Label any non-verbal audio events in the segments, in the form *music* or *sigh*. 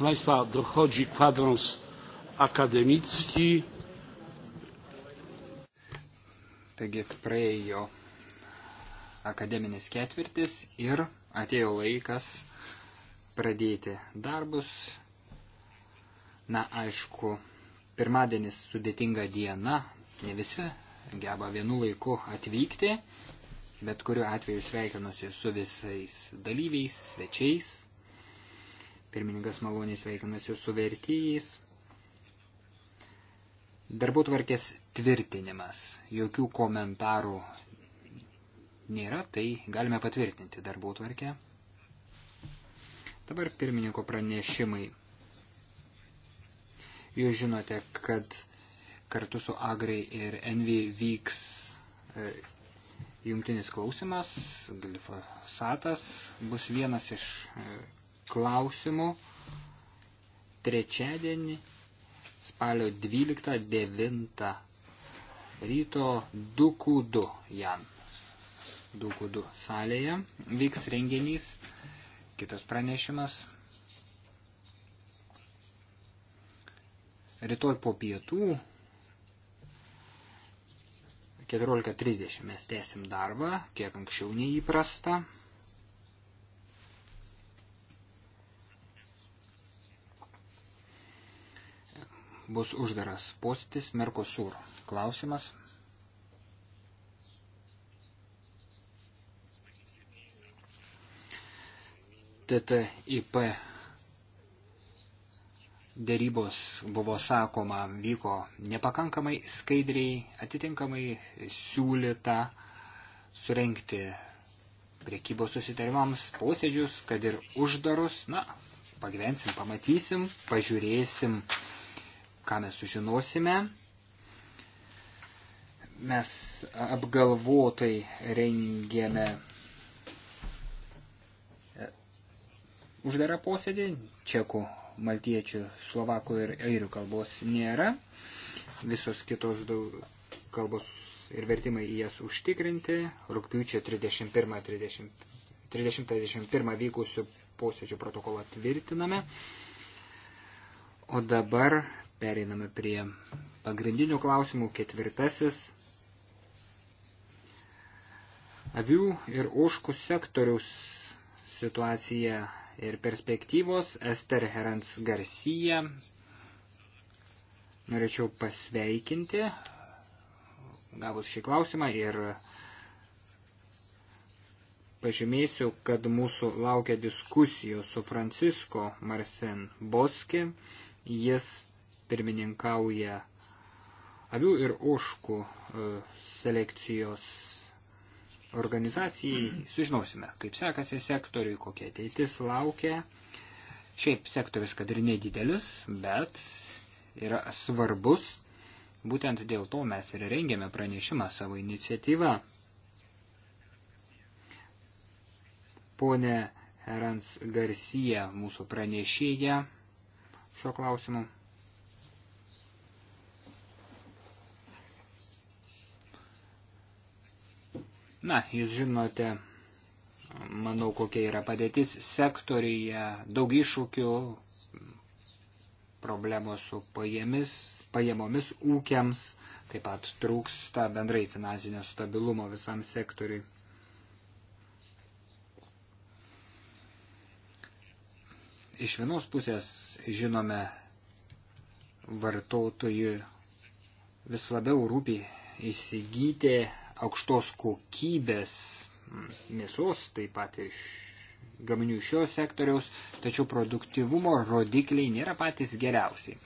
Proszę Państwa, dochodzi kwadrans akademicki. Taigi praėjo akademinis ketvirtis ir atėjo laikas pradėti darbus. Na, aišku, pirmadienis sudėtinga diena, ne visi geba vienu laiku atvykti, bet kuriuo atveju sveikinusi su visais dalyviais, svečiais. Pirmininkas maloniai sveikinasi su vertyjais. Darbų tvarkės tvirtinimas. Jokių komentarų nėra, tai galime patvirtinti darbų tvarkę. Dabar pirmininko pranešimai. Jūs žinote, kad kartu su Agrai ir Envy vyks e, jungtinis klausimas, glifosatas bus vienas iš e, klausimų. Trečiadienį spalio 12.9 ryto 2Q2 Jan. 2Q2 salėje vyks renginys. Kitas pranešimas. Rytoj po pietų 14.30 mes tęsim darbą, kiek anksčiau neįprasta. bus uždaras postis Merkosur. Klausimas. TTIP dėrybos, buvo sakoma, vyko nepakankamai skaidriai, atitinkamai siūlyta surenkti priekybos susitarimams posėdžius, kad ir uždarus. Na, pagyvensim, pamatysim, pažiūrėsim, ką mes sužinosime. Mes apgalvotai rengėme e, uždarą posėdį. Čekų, maltiečių, slovakų ir airių kalbos nėra. Visos kitos kalbos ir vertimai į jas užtikrinti. Rūpiučio 31-31 vykusių posėdžių protokolą tvirtiname. O dabar Pereiname prie pagrindinių klausimų. Ketvirtasis. Avių ir oškų sektoriaus situacija ir perspektyvos. Ester Herans Garcia. Norėčiau pasveikinti gavus šį klausimą ir pažymėsiu, kad mūsų laukia diskusijos su Francisco Marsen Boski. Jis pirmininkauja avių ir oškų e, selekcijos organizacijai. Sužinosime, kaip sekasi sektoriui, kokia ateitis laukia. Šiaip sektorius, kad ir nedidelis, bet yra svarbus. Būtent dėl to mes ir rengėme pranešimą savo iniciatyvą. Pone Erans Garcia, mūsų pranešėja šio klausimu. Na, jūs žinote, manau, kokia yra padėtis sektorija, daug iššūkių, problemos su pajamis, pajamomis ūkiams, taip pat trūksta bendrai finansinio stabilumo visam sektoriui. Iš vienos pusės žinome vartotojų vis labiau rūpi įsigyti aukštos kokybės mėsos, taip pat iš gaminių iš šio sektoriaus, tačiau produktivumo rodikliai nėra patys geriausiai.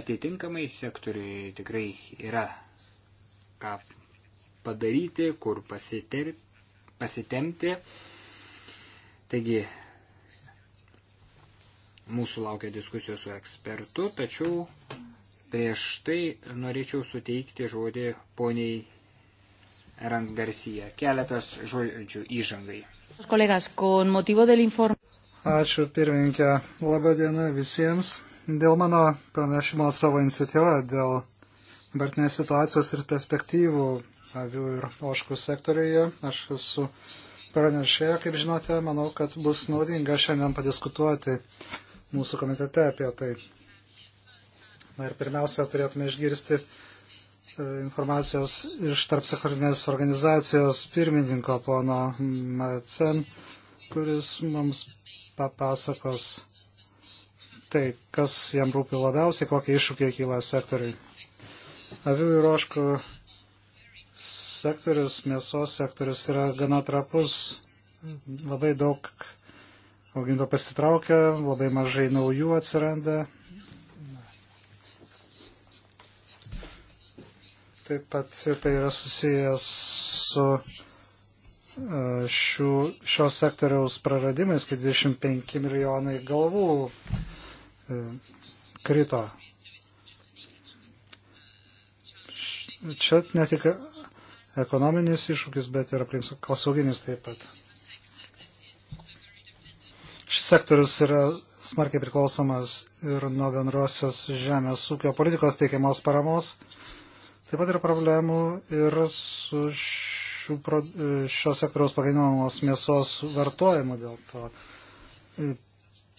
Atitinkamai sektoriui tikrai yra ką padaryti, kur pasiter, pasitemti. Taigi, mūsų laukia diskusijos su ekspertu, tačiau prieš tai norėčiau suteikti žodį poniai Rand Garcia. Keletas žodžių įžangai. Ačiū pirmininkė. Labadiena visiems. Dėl mano pranešimo savo iniciatyvą, dėl dabartinės situacijos ir perspektyvų avių ir oškų sektorijoje, aš esu pranešėja, kaip žinote, manau, kad bus naudinga šiandien padiskutuoti mūsų komitete apie tai. Na ir pirmiausia, turėtume išgirsti E, informacijos iš tarpsektorinės organizacijos pirmininko pono Marcen, kuris mums papasakos tai, kas jam rūpi labiausiai, kokie iššūkiai kyla sektoriui. Avių ir oškų sektorius, mėsos sektorius yra gana trapus, labai daug auginto pasitraukia, labai mažai naujų atsiranda Taip pat tai yra susijęs su e, šių, šios sektoriaus praradimais, kai 25 milijonai galvų e, krito. Čia ne tik ekonominis iššūkis, bet ir aplinkosauginis taip pat. Šis sektorius yra smarkiai priklausomas ir nuo bendrosios žemės ūkio politikos teikiamos paramos Taip pat yra problemų ir su šių, e, šio sektoriaus pagaminamos mėsos vartojimu dėl to. E,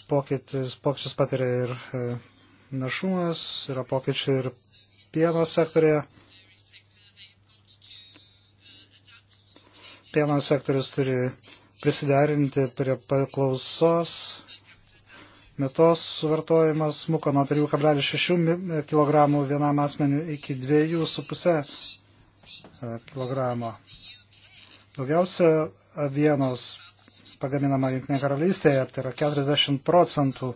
pokytis, pokyčius patiria ir e, našumas, yra pokyčiai ir pieno sektorėje. Pieno sektorius turi prisiderinti prie paklausos Metos suvartojimas smuko nuo 3,6 kg vienam asmeniu iki 2,5 e, kg. Daugiausia avienos pagaminama Junktinėje karalystėje, tai yra 40 procentų e,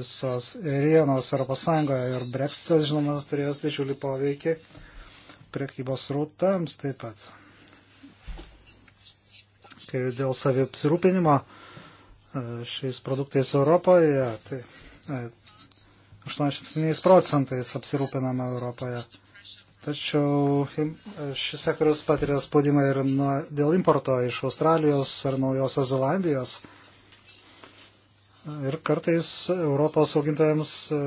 visos rienos Europos Sąjungoje ir Brexitas, žinoma, turės didžiulį poveikį priekybos rautams taip pat. Kai dėl savipsirūpinimo šiais produktais Europoje, tai 87 e, procentais apsirūpinama Europoje. Tačiau šis sektorius patiria spaudimą ir nuo, dėl importo iš Australijos ar Naujosios Zelandijos. Ir kartais Europos augintojams e,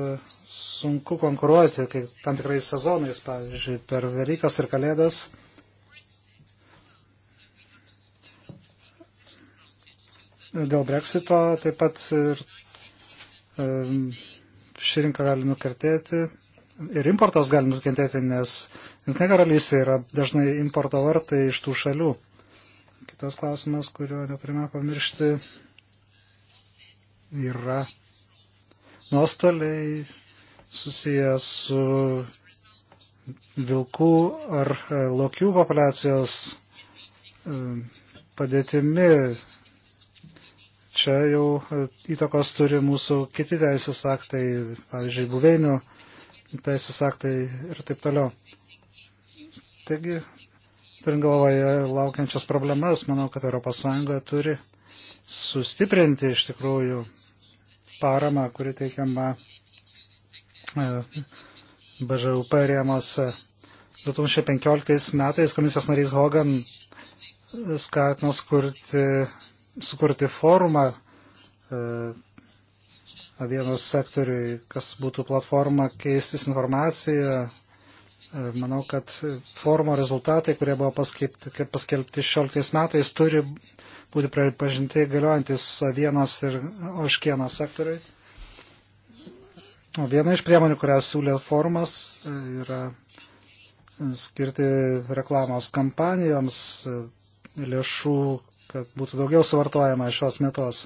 sunku konkuruoti, kai tam tikrais sezonais, pavyzdžiui, per Velykas ir Kalėdas dėl breksito taip pat ir ši rinka gali nukertėti ir importas gali nukentėti, nes Junktinė karalystė yra dažnai importo vartai iš tų šalių. Kitas klausimas, kurio neturime pamiršti, yra nuostoliai susijęs su vilkų ar e, lokių populiacijos padėtimi čia jau e, įtakos turi mūsų kiti teisės aktai, pavyzdžiui, buveinių teisės aktai ir taip toliau. Taigi, turint galvoje laukiančias problemas, manau, kad ES turi sustiprinti iš tikrųjų paramą, kuri teikiama BŽUP rėmose. 2015 metais komisijos narys Hogan skatino skurti sukurti forumą e, avienos sektoriui, kas būtų platforma keistis informaciją. E, manau, kad forumo rezultatai, kurie buvo paskelbti, paskelbti 16 metais, turi būti pripažinti galiojantis avienos ir oškieno sektoriui. Viena iš priemonių, kurią siūlė forumas, e, yra skirti reklamos kampanijoms lėšų kad būtų daugiau suvartojama šios metos.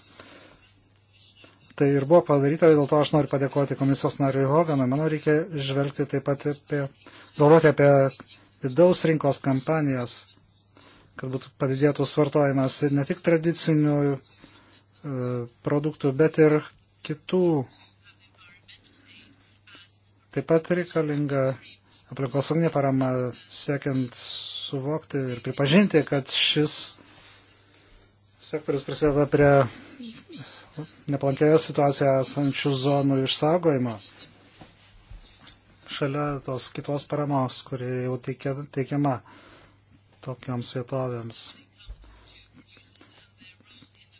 Tai ir buvo padaryta, dėl to aš noriu padėkoti komisijos nariui Hoganui. Manau, reikia žvelgti taip pat apie, galvoti apie vidaus rinkos kampanijas, kad būtų padidėtų svartojimas ne tik tradicinių e, produktų, bet ir kitų. Taip pat reikalinga aplinkosauginė parama siekiant suvokti ir pripažinti, kad šis sektorius prisideda prie nepalankėje situacijoje esančių zonų išsaugojimo. Šalia tos kitos paramos, kuri jau teikia, teikiama tokioms vietovėms.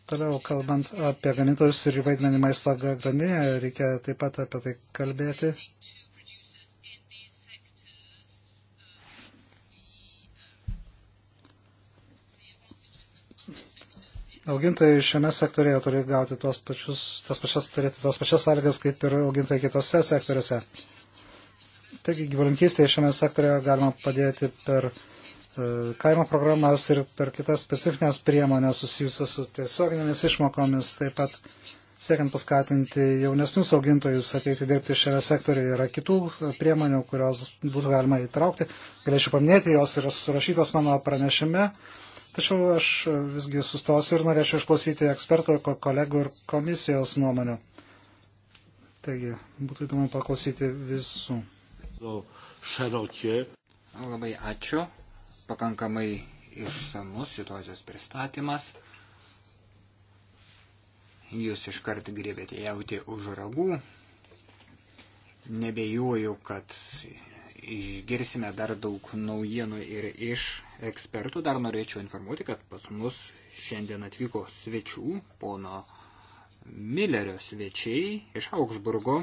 Toliau, kalbant apie gamintojus ir jų vaidmenį maisto grandinėje, reikia taip pat apie tai kalbėti. augintojai šiame sektorėje turi gauti tuos pačius, tas pačias, turėti tas pačias sąlygas kaip ir augintojai kitose sektoriuose. Taigi gyvulinkystėje šiame sektorėje galima padėti per e, kaimo programas ir per kitas specifines priemonės susijusios su tiesioginėmis išmokomis, taip pat siekiant paskatinti jaunesnius augintojus ateiti dirbti šiame sektoriuje. Yra kitų priemonių, kurios būtų galima įtraukti. Galėčiau paminėti, jos yra surašytos mano pranešime. Tačiau aš visgi sustosiu ir norėčiau išklausyti ekspertų, kolegų ir komisijos nuomonę. Taigi, būtų įdomu paklausyti visų. Labai ačiū. Pakankamai išsamus situacijos pristatymas. Jūs iškart griebėte jauti už ragų. Nebejoju, kad išgirsime dar daug naujienų ir iš ekspertų. Dar norėčiau informuoti, kad pas mus šiandien atvyko svečių, pono Millerio svečiai iš Augsburgo,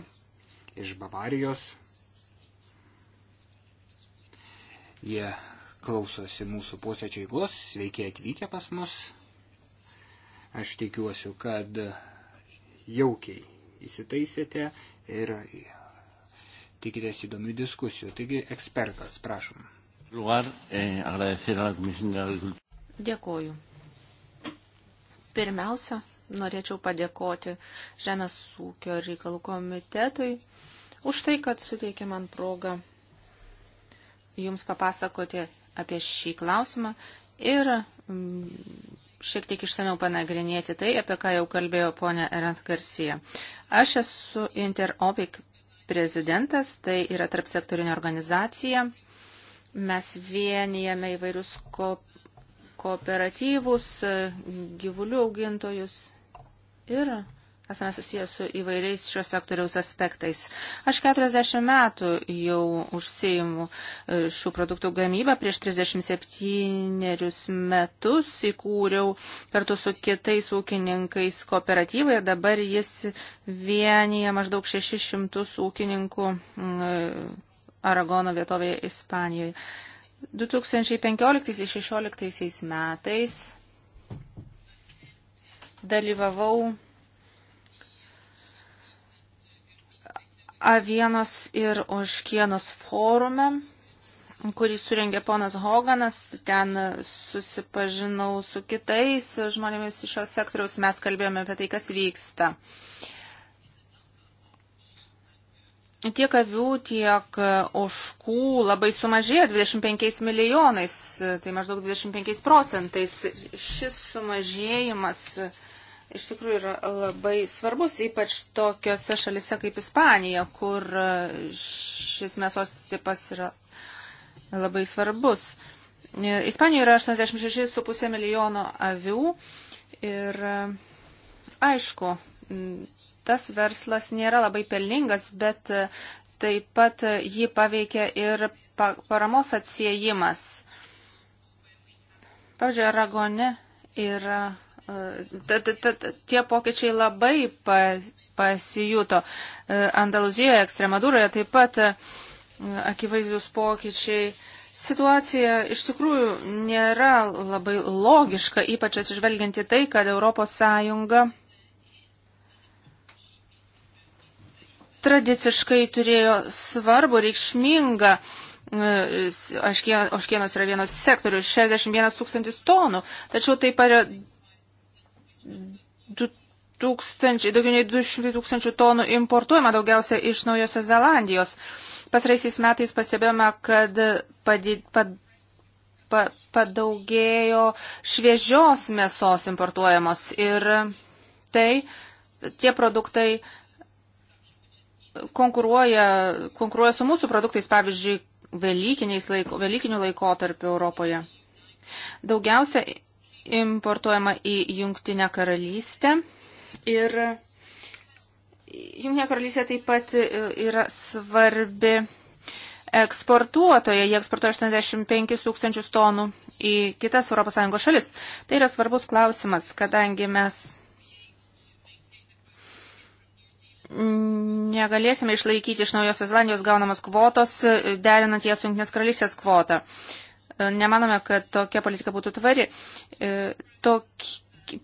iš Bavarijos. Jie klausosi mūsų posėdžio eigos, sveiki atvykę pas mus. Aš tikiuosi, kad jaukiai įsitaisėte ir tikitės įdomių diskusijų. Taigi ekspertas, prašom. Eh, Dėkoju. Pirmiausia, norėčiau padėkoti Žemės ūkio reikalų komitetui už tai, kad suteikė man progą Jums papasakoti apie šį klausimą ir mm, šiek tiek išsamiau panagrinėti tai, apie ką jau kalbėjo ponė Erant Garcia. Aš esu InterOpic prezidentas, tai yra tarpsektorinė organizacija, Mes vienijame įvairius ko, kooperatyvus, gyvulių augintojus ir esame susijęs su įvairiais šios sektoriaus aspektais. Aš 40 metų jau užsijimu e, šių produktų gamybą. Prieš 37 metus įkūriau kartu su kitais ūkininkais kooperatyvą ir dabar jis vienyje maždaug 600 ūkininkų Aragono vietovėje Ispanijoje. 2015-2016 metais dalyvavau avienos ir oškienos forume, kurį surengė ponas Hoganas. Ten susipažinau su kitais žmonėmis iš šios sektoriaus. Mes kalbėjome apie tai, kas vyksta. Uh, tiek avių, tiek e, oškų labai sumažėjo 25 milijonais, e, tai maždaug 25 procentais. Šis sumažėjimas e, iš tikrųjų yra labai svarbus, ypač tokiose šalise kaip Ispanija, kur šis mėsos tipas yra labai svarbus. Ispanijoje yra 86,5 milijono avių ir aišku, tas verslas nėra labai pelningas, bet e, taip pat e, jį paveikia ir paramos atsiejimas. Pavyzdžiui, Aragone yra. E, ta, ta, ta, tie pokyčiai labai pa, pasijuto. Andaluzijoje, Ekstremadūroje taip pat akivaizdus pokyčiai. Situacija iš tikrųjų nėra labai logiška, ypač atsižvelgianti tai, kad ES tradiciškai turėjo svarbu, reikšmingą e, oškienos yra vienas sektorius, 61 tūkstantis tonų, tačiau taip pat yra tūkstančiai, daugiau nei 200 tūkstančių tonų importuojama daugiausia iš Naujosios Zelandijos. Pasraisiais metais pastebėjome, kad padid, pad, pa, padaugėjo šviežios mėsos importuojamos ir tai tie produktai konkuruoja, konkuruoja su mūsų produktais, pavyzdžiui, laiko, Velykinių laikotarpių Europoje. Daugiausia importuojama į Jungtinę karalystę ir Jungtinė karalystė taip pat e, yra svarbi eksportuotoja, jie eksportuoja 85 tūkstančius tonų į kitas ES šalis. Tai yra svarbus klausimas, kadangi mes negalėsime išlaikyti iš Naujosios Zelandijos gaunamos kvotos, e, derinant ją su Junktinės karalystės kvota. E, nemanome, kad tokia politika būtų tvari. E, tok...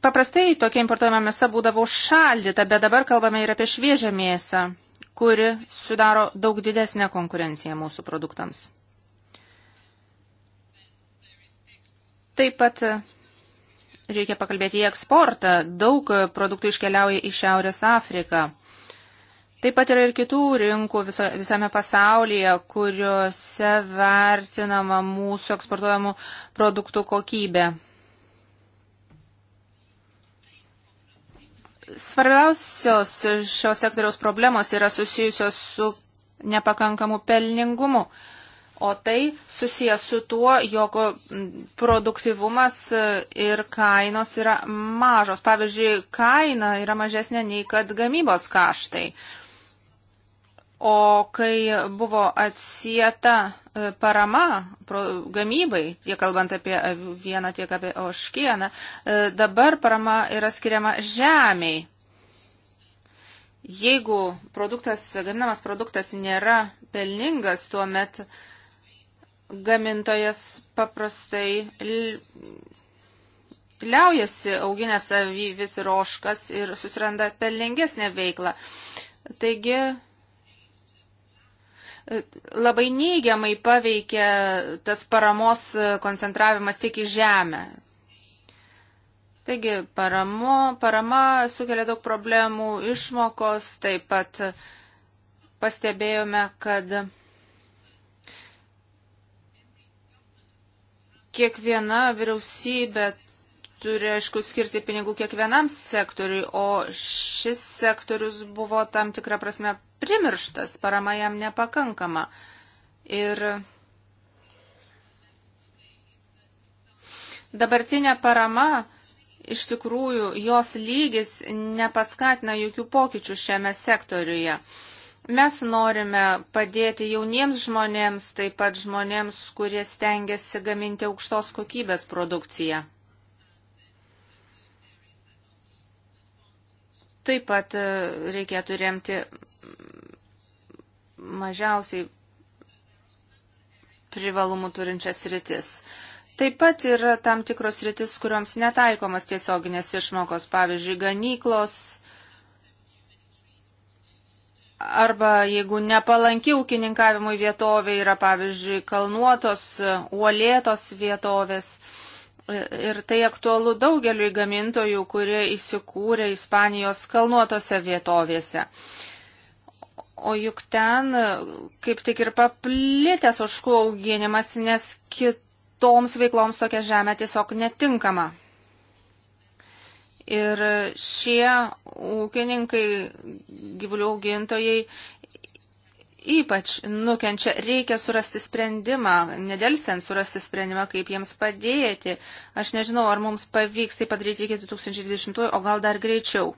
Paprastai tokia importuojama mėsa būdavo šaldyta, bet dabar kalbame ir apie šviežią mėsą, kuri sudaro daug didesnę konkurenciją mūsų produktams. Taip pat reikia pakalbėti į eksportą. Daug produktų iškeliauja į Šiaurės Afriką. Taip pat yra ir kitų rinkų viso, visame pasaulyje, kuriuose vertinama mūsų eksportuojamų produktų kokybė. Svarbiausios šios sektoriaus problemos yra susijusios su nepakankamu pelningumu. O tai susijęs su tuo, jog produktivumas ir kainos yra mažos. Pavyzdžiui, kaina yra mažesnė nei kad gamybos kaštai. Uh, O kai buvo atsieta e, parama gamybai, tiek kalbant apie vieną, tiek apie oškieną, e, dabar parama yra skiriama žemiai. Jeigu produktas, gaminamas produktas nėra pelningas, tuomet gamintojas paprastai liaujasi auginęs avyvis ir oškas ir susiranda pelningesnę veiklą. Taigi labai neigiamai paveikia tas paramos koncentravimas tik į žemę. Taigi paramo, parama sukelia daug problemų, išmokos, taip pat pastebėjome, kad kiekviena vyriausybė turi, aišku, skirti pinigų kiekvienam sektoriui, o šis sektorius buvo tam tikrą prasme primirštas, parama jam nepakankama. Ir dabartinė parama, iš tikrųjų, jos lygis nepaskatina jokių pokyčių šiame sektoriuje. Mes norime padėti jauniems žmonėms, taip pat žmonėms, kurie stengiasi gaminti aukštos kokybės produkciją. Taip pat e, reikėtų remti mažiausiai privalumų turinčias rytis. Taip pat yra tam tikros rytis, kuriuoms netaikomas tiesioginės išmokos, pavyzdžiui, ganyklos arba jeigu nepalanki ūkininkavimui vietovė yra, pavyzdžiui, kalnuotos, uolėtos vietovės. Ir tai aktualu daugeliu gamintojų, kurie įsikūrė Ispanijos kalnuotose vietovėse. O juk ten e, kaip tik ir paplitęs oškų auginimas, nes kitoms veikloms tokia žemė tiesiog netinkama. Ir šie ūkininkai, gyvulių augintojai ypač nukenčia. Reikia surasti sprendimą, nedelsiant surasti sprendimą, kaip jiems padėti. Aš nežinau, ar mums pavyks tai padaryti iki 2020, o gal dar greičiau.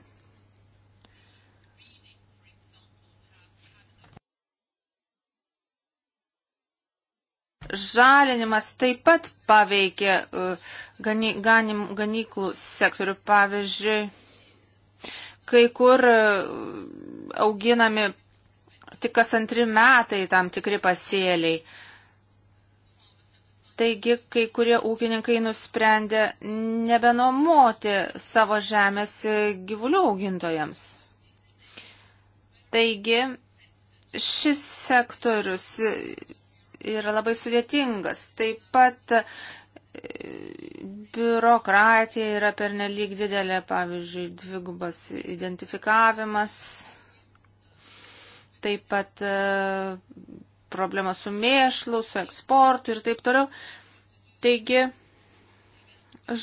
žalinimas taip pat paveikė e, gany, ganim, ganyklų sektorių. Pavyzdžiui, kai kur e, auginami tik kas antri metai tam tikri pasėliai. Taigi, kai kurie ūkininkai nusprendė nebenomoti savo žemės e, gyvulių augintojams. Taigi, šis sektorius yra labai sudėtingas. Taip pat e, biurokratija yra pernelyg didelė, pavyzdžiui, dvigubas identifikavimas, taip pat e, problema su mėšlu, su eksportu ir taip toliau. Taigi,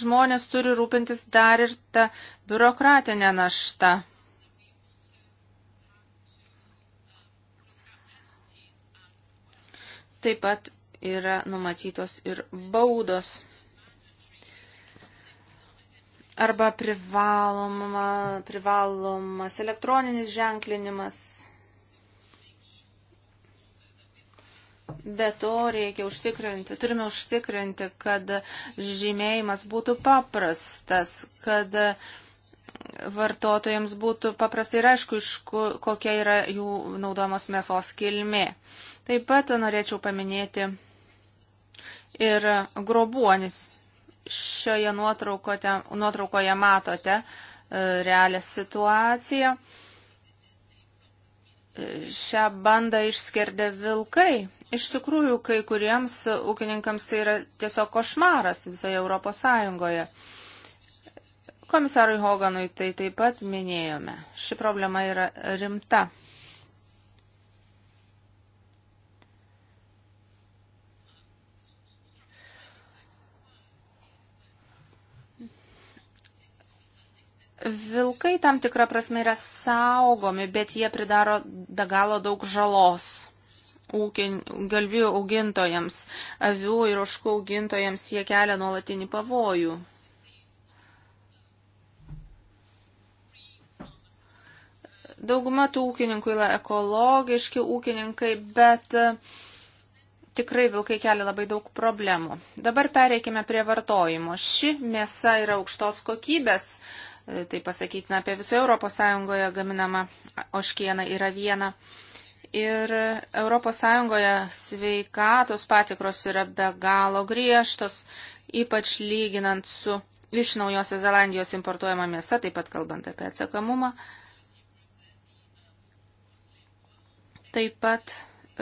žmonės turi rūpintis dar ir tą biurokratinę naštą. Taip pat yra numatytos ir baudos arba privaloma, privalomas elektroninis ženklinimas. Be to reikia užtikrinti, turime užtikrinti, kad žymėjimas būtų paprastas, kad uh, vartotojams būtų paprastai ir aišku, iš kokia yra jų naudojamos mėsos kilmė. Taip pat norėčiau paminėti ir grobuonis. Šioje nuotraukoje, nuotraukoje matote e, realią situaciją. E, šią bandą išskerdė vilkai. Iš tikrųjų, kai kuriems ūkininkams tai yra tiesiog košmaras visoje Europos Sąjungoje. Komisarui Hoganui tai taip pat minėjome. Ši problema yra rimta. Vilkai tam tikrą prasme yra saugomi, bet jie pridaro be galo daug žalos ūkin, galvijų augintojams, avių ir oškų augintojams jie kelia nuolatinį pavojų. Dauguma tų ūkininkų yra ekologiški ūkininkai, bet e, tikrai vilkai kelia labai daug problemų. Dabar pereikime prie vartojimo. Ši mėsa yra aukštos kokybės, e, tai pasakytina apie visoje Europos Sąjungoje gaminama oškiena yra viena. Ir Europos Sąjungoje sveikatos patikros yra be galo griežtos, ypač lyginant su iš Naujosios Zelandijos importuojama mėsa, taip pat kalbant apie atsakamumą. Taip pat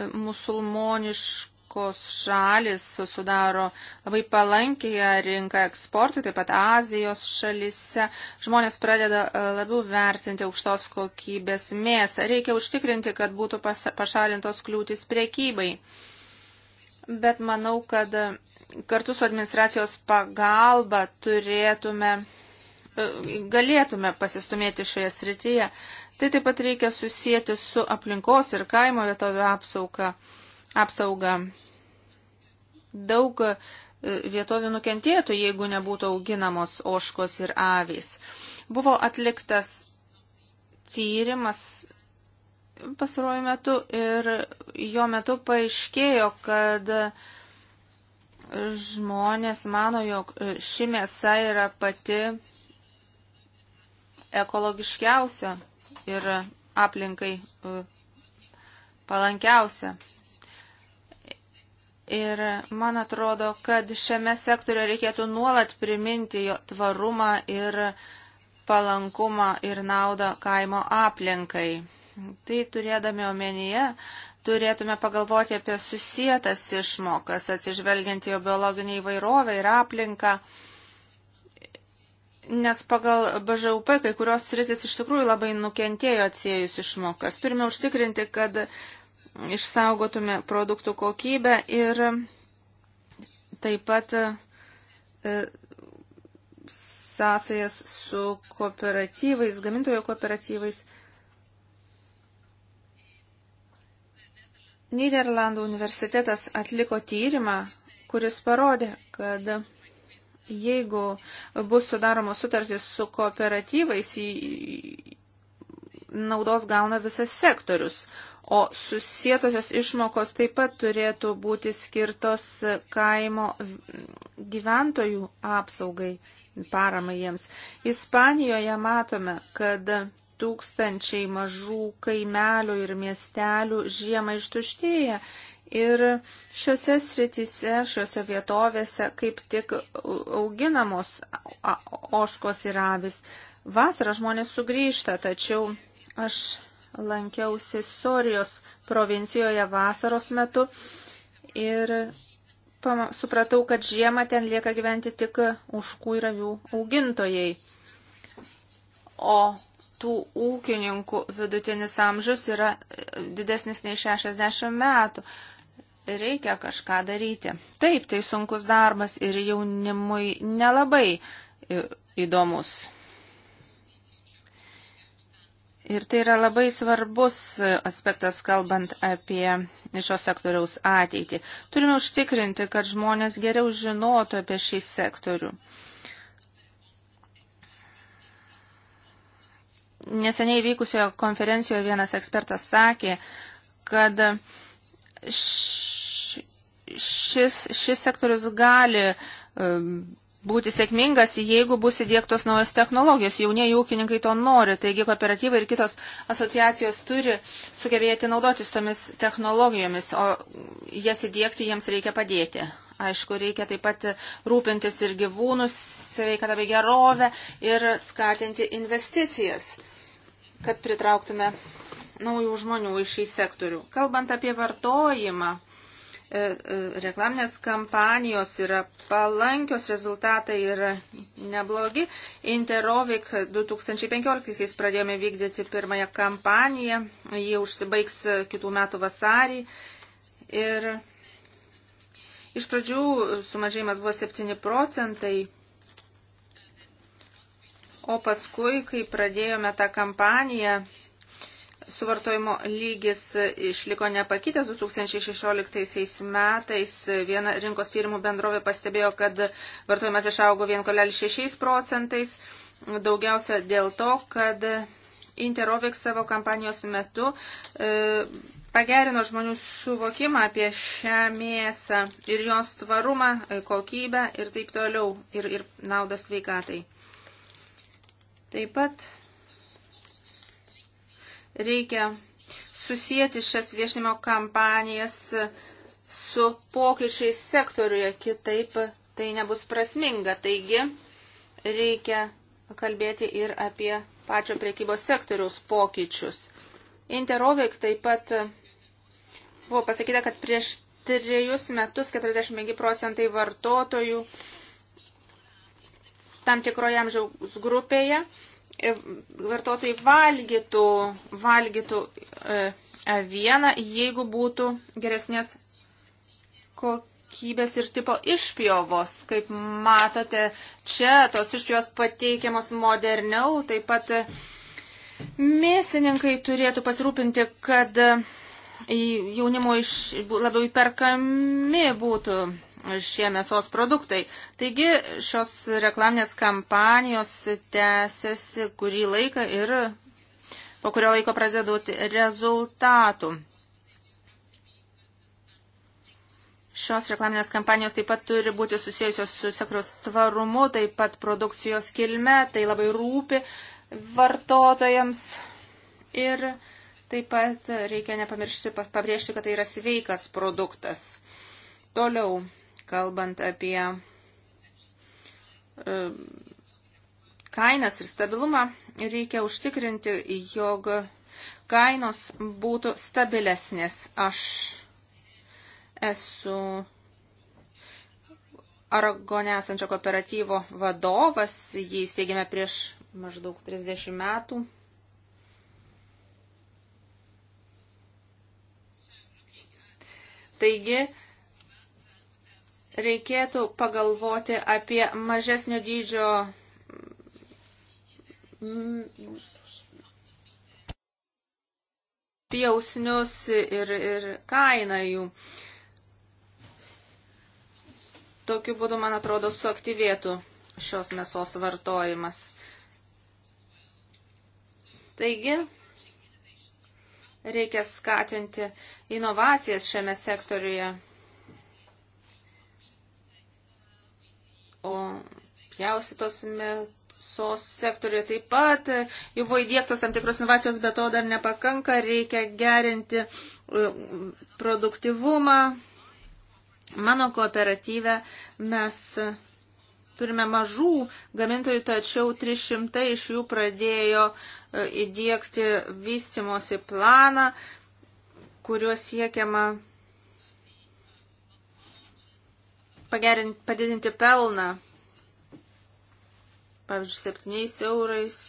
e, musulmoniškos šalis sudaro labai palankiją rinką eksportui, taip pat Azijos šalise. Žmonės pradeda e, labiau vertinti aukštos kokybės mėsą. Reikia užtikrinti, kad būtų pašalintos kliūtis priekybai. Bet manau, kad e, kartu su administracijos pagalba turėtume galėtume pasistumėti šioje srityje. Tai taip pat reikia susijęti su aplinkos ir kaimo vietovių apsauga. apsauga. Daug e, vietovių nukentėtų, jeigu nebūtų auginamos oškos ir avys. Buvo atliktas tyrimas pasaruoju metu ir jo metu paaiškėjo, kad žmonės mano, jog ši mėsa yra pati ekologiškiausia yra aplinkai e, palankiausia. Ir man atrodo, kad šiame sektorio reikėtų nuolat priminti jo tvarumą ir palankumą ir naudą kaimo aplinkai. Tai turėdami omenyje, turėtume pagalvoti apie susietas išmokas, atsižvelgiant į biologinį įvairovę ir aplinką. Nes pagal BŽUP kai kurios sritis iš tikrųjų labai nukentėjo atsiejus išmokas. Turime užtikrinti, kad išsaugotume produktų kokybę ir taip pat e, sąsajas su kooperatyvais, gamintojo kooperatyvais. Niderlandų universitetas atliko tyrimą, kuris parodė, kad jeigu bus sudaromos sutartys su kooperatyvais, naudos gauna visas sektorius. O susietosios išmokos taip pat turėtų būti skirtos kaimo gyventojų apsaugai, paramai jiems. Ispanijoje matome, kad tūkstančiai mažų kaimelių ir miestelių žiemą ištuštėja Ir šiuose sritise, šiuose vietovėse kaip tik auginamos oškos ir avis. Vasarą žmonės sugrįžta, tačiau aš lankiausi Sorijos provincijoje vasaros metu ir supratau, kad žiemą ten lieka gyventi tik užkų ir avių augintojai. O tų ūkininkų vidutinis amžius yra didesnis nei 60 metų reikia kažką daryti. Taip, tai sunkus darbas ir jaunimui nelabai įdomus. Ir tai yra labai svarbus aspektas, kalbant apie šio sektoriaus ateitį. Turime užtikrinti, kad žmonės geriau žinotų apie šį sektorių. Neseniai vykusioje konferencijoje vienas ekspertas sakė, kad šis, šis sektorius gali um, būti sėkmingas, jeigu bus įdėktos naujos technologijos. Jaunieji ūkininkai to nori, taigi kooperatyvai ir kitos asociacijos turi sugebėti naudotis tomis technologijomis, o jas įdėkti jiems reikia padėti. Aišku, reikia taip pat rūpintis ir gyvūnus, sveikatą bei gerovę ir skatinti investicijas, kad pritrauktume naujų žmonių į šį sektorių. Kalbant apie vartojimą, e, e, reklaminės kampanijos yra palankios, rezultatai yra neblogi. Interovik 2015-aisiais pradėjome vykdyti pirmąją kampaniją, ji užsibaigs kitų metų vasarį. Ir iš pradžių sumažėjimas buvo 7 procentai. O paskui, kai pradėjome tą kampaniją, suvartojimo lygis išliko nepakitęs 2016 metais. Viena rinkos tyrimų bendrovė pastebėjo, kad vartojimas išaugo 1,6 procentais, daugiausia dėl to, kad Interovik savo kampanijos metu e, pagerino žmonių suvokimą apie šią mėsą ir jos tvarumą, e, kokybę ir taip toliau ir, ir naudą sveikatai. Taip pat Reikia susijęti šias viešinimo kampanijas su pokyčiais sektoriuje, kitaip tai nebus prasminga. Taigi reikia kalbėti ir apie pačio priekybos sektoriaus pokyčius. Interovik taip pat buvo pasakyta, kad prieš trejus metus 45 procentai vartotojų tam tikroje amžiaus grupėje E, vartotojai valgytų, valgytų e, avieną, jeigu būtų geresnės kokybės ir tipo išpjovos. Kaip matote, čia tos išpjovos pateikiamos moderniau, taip pat e, mėsininkai turėtų pasirūpinti, kad jaunimo iš, labiau įperkami būtų šie mėsos produktai. Taigi šios reklaminės kampanijos tęsiasi kurį laiką ir po kurio laiko pradeda duoti rezultatų. Šios reklaminės kampanijos taip pat turi būti susijusios su sekros tvarumu, taip pat produkcijos kilme, tai labai rūpi vartotojams. Ir taip pat reikia nepamiršti pabrėžti, kad tai yra sveikas produktas. Toliau kalbant apie e, kainas ir stabilumą, reikia užtikrinti, jog kainos būtų stabilesnės. Aš esu Aragone esančio kooperatyvo vadovas, jį įsteigėme prieš maždaug 30 metų. Taigi, reikėtų pagalvoti apie mažesnio dydžio pjausnius ir, ir kainą jų. Tokiu būdu, man atrodo, suaktyvėtų šios mėsos vartojimas. Taigi, reikia skatinti inovacijas šiame sektoriuje. O pjaustytos mėsos sektoriuje taip pat jau įdėktos tam tikros inovacijos, bet to dar nepakanka, reikia gerinti e, produktivumą. Mano kooperatyve mes turime mažų gamintojų, tačiau 300 iš jų pradėjo e, įdėkti vystimosi planą, kuriuo siekiama pagerinti, padidinti pelną, pavyzdžiui, 7 eurais.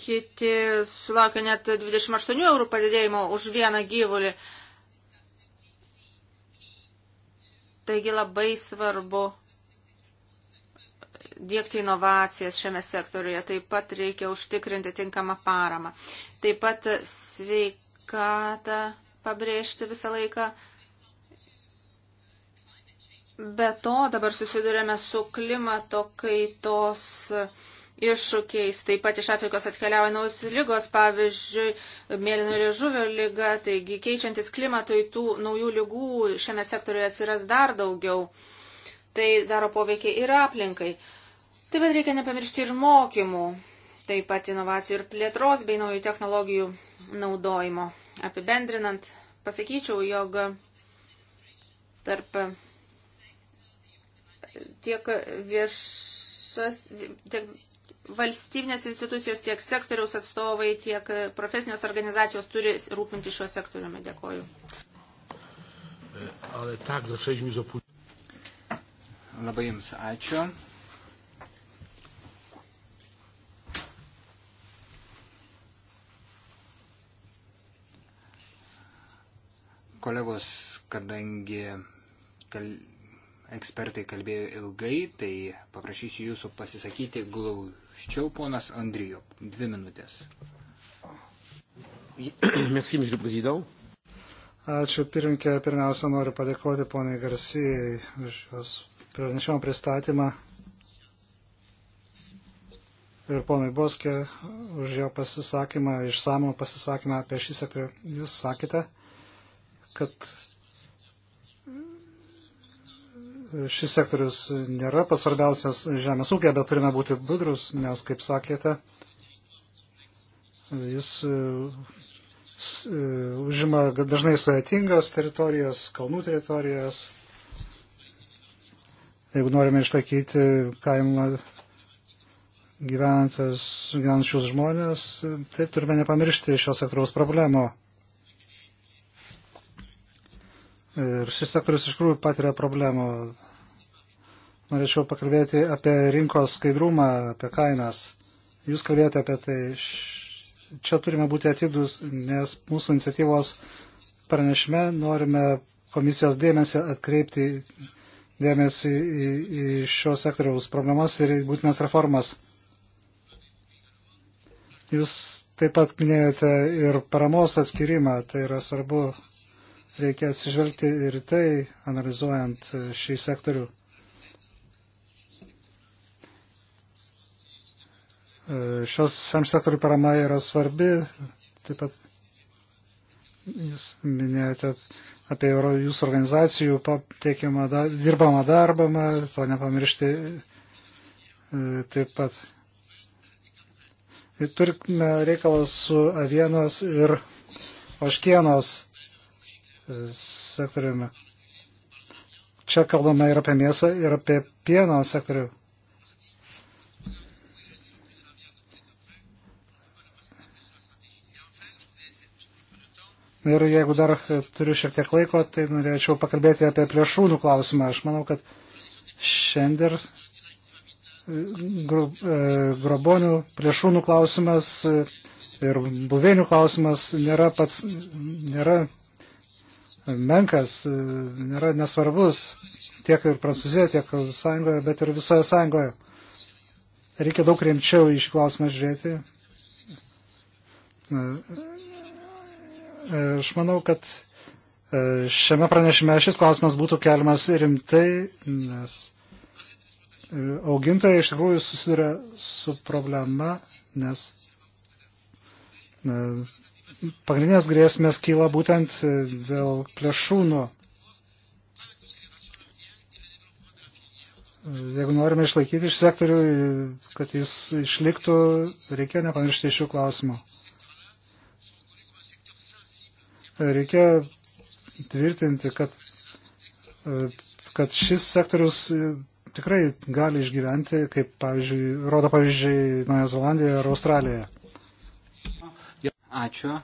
Kiti sulaukia net 28 eurų padidėjimo už vieną gyvulį. Taigi labai svarbu dėkti inovacijas šiame sektoriuje, taip pat reikia užtikrinti tinkamą paramą. Taip pat sveikatą pabrėžti visą laiką, Be to dabar susidurėme su klimato kaitos iššūkiais. Taip pat iš Afrikos atkeliauja naus lygos, pavyzdžiui, mėlyno liežuvio lyga. Taigi, keičiantis klimatui, tų naujų lygų šiame sektoriuje atsiras dar daugiau. Tai daro poveikiai ir aplinkai. Taip pat reikia nepamiršti ir mokymų, taip pat inovacijų ir plėtros bei naujų technologijų naudojimo. Apibendrinant, pasakyčiau, jog tarp tiek viešas, tiek valstybinės institucijos, tiek sektoriaus atstovai, tiek profesinės organizacijos turi rūpinti šiuo sektoriumi. Dėkoju. E, Labai Jums ačiū. Kolegos, kadangi kal Ekspertai kalbėjo ilgai, tai paprašysiu jūsų pasisakyti glaučiau, ponas Andrijo. Dvi minutės. *clears throat* Merci, monsieur le président. Ačiū pirmininkė. Pirmiausia, noriu padėkoti poniai Garsijai už jos pranešimo pristatymą ir ponui Boskė už jo pasisakymą, išsamų pasisakymą apie šį sektorių. Jūs sakėte, kad šis sektorius nėra pasvarbiausias žemės ūkė, bet turime būti budrus, nes, kaip sakėte, jis e, užima dažnai sudėtingas teritorijas, kalnų teritorijas. Jeigu norime išlaikyti kaimą gyvenančius žmonės, tai turime nepamiršti šios sektoriaus problemo. Ir šis sektorius iš tikrųjų patiria problemų. Norėčiau pakalbėti apie rinkos skaidrumą, apie kainas. Jūs kalbėjote apie tai. Čia turime būti atidus, nes mūsų iniciatyvos pranešime norime komisijos dėmesį atkreipti dėmesį į, į šio sektoriaus problemas ir būtinas reformas. Jūs taip pat minėjote ir paramos atskirimą, tai yra svarbu reikia atsižvelgti ir tai, analizuojant e, šį sektorių. E, šios šiam sektoriu parama yra svarbi. Taip pat jūs minėjote apie jūsų organizacijų teikiamą dirbamą darbą, to nepamiršti e, taip pat. Turime reikalas su avienos ir oškienos sektoriumi. Čia kalbame ir apie mėsą, ir apie pieno sektorių. Ir jeigu dar turiu šiek tiek laiko, tai norėčiau pakalbėti apie plėšrūnų klausimą. Aš manau, kad šiandien e, e, grobonių plėšrūnų klausimas e, ir buveinių klausimas nėra pats, nėra menkas, e, nėra nesvarbus tiek ir Prancūzijoje, tiek sąjungoje, bet ir visoje sąjungoje. Reikia daug rimčiau į šį klausimą žiūrėti. E, e, aš manau, kad šiame pranešime šis klausimas būtų keliamas rimtai, nes augintojai iš tikrųjų susiduria su problema, nes pagrindinės grėsmės kyla būtent e, dėl plėšūnų. E, jeigu norime išlaikyti iš sektorių, e, kad jis išliktų, reikia nepamiršti šių klausimų. Reikia tvirtinti, kad, kad šis sektorius tikrai gali išgyventi, kaip, pavyzdžiui, rodo pavyzdžiai Naujoje Zelandijoje ar Australijoje. Ačiū.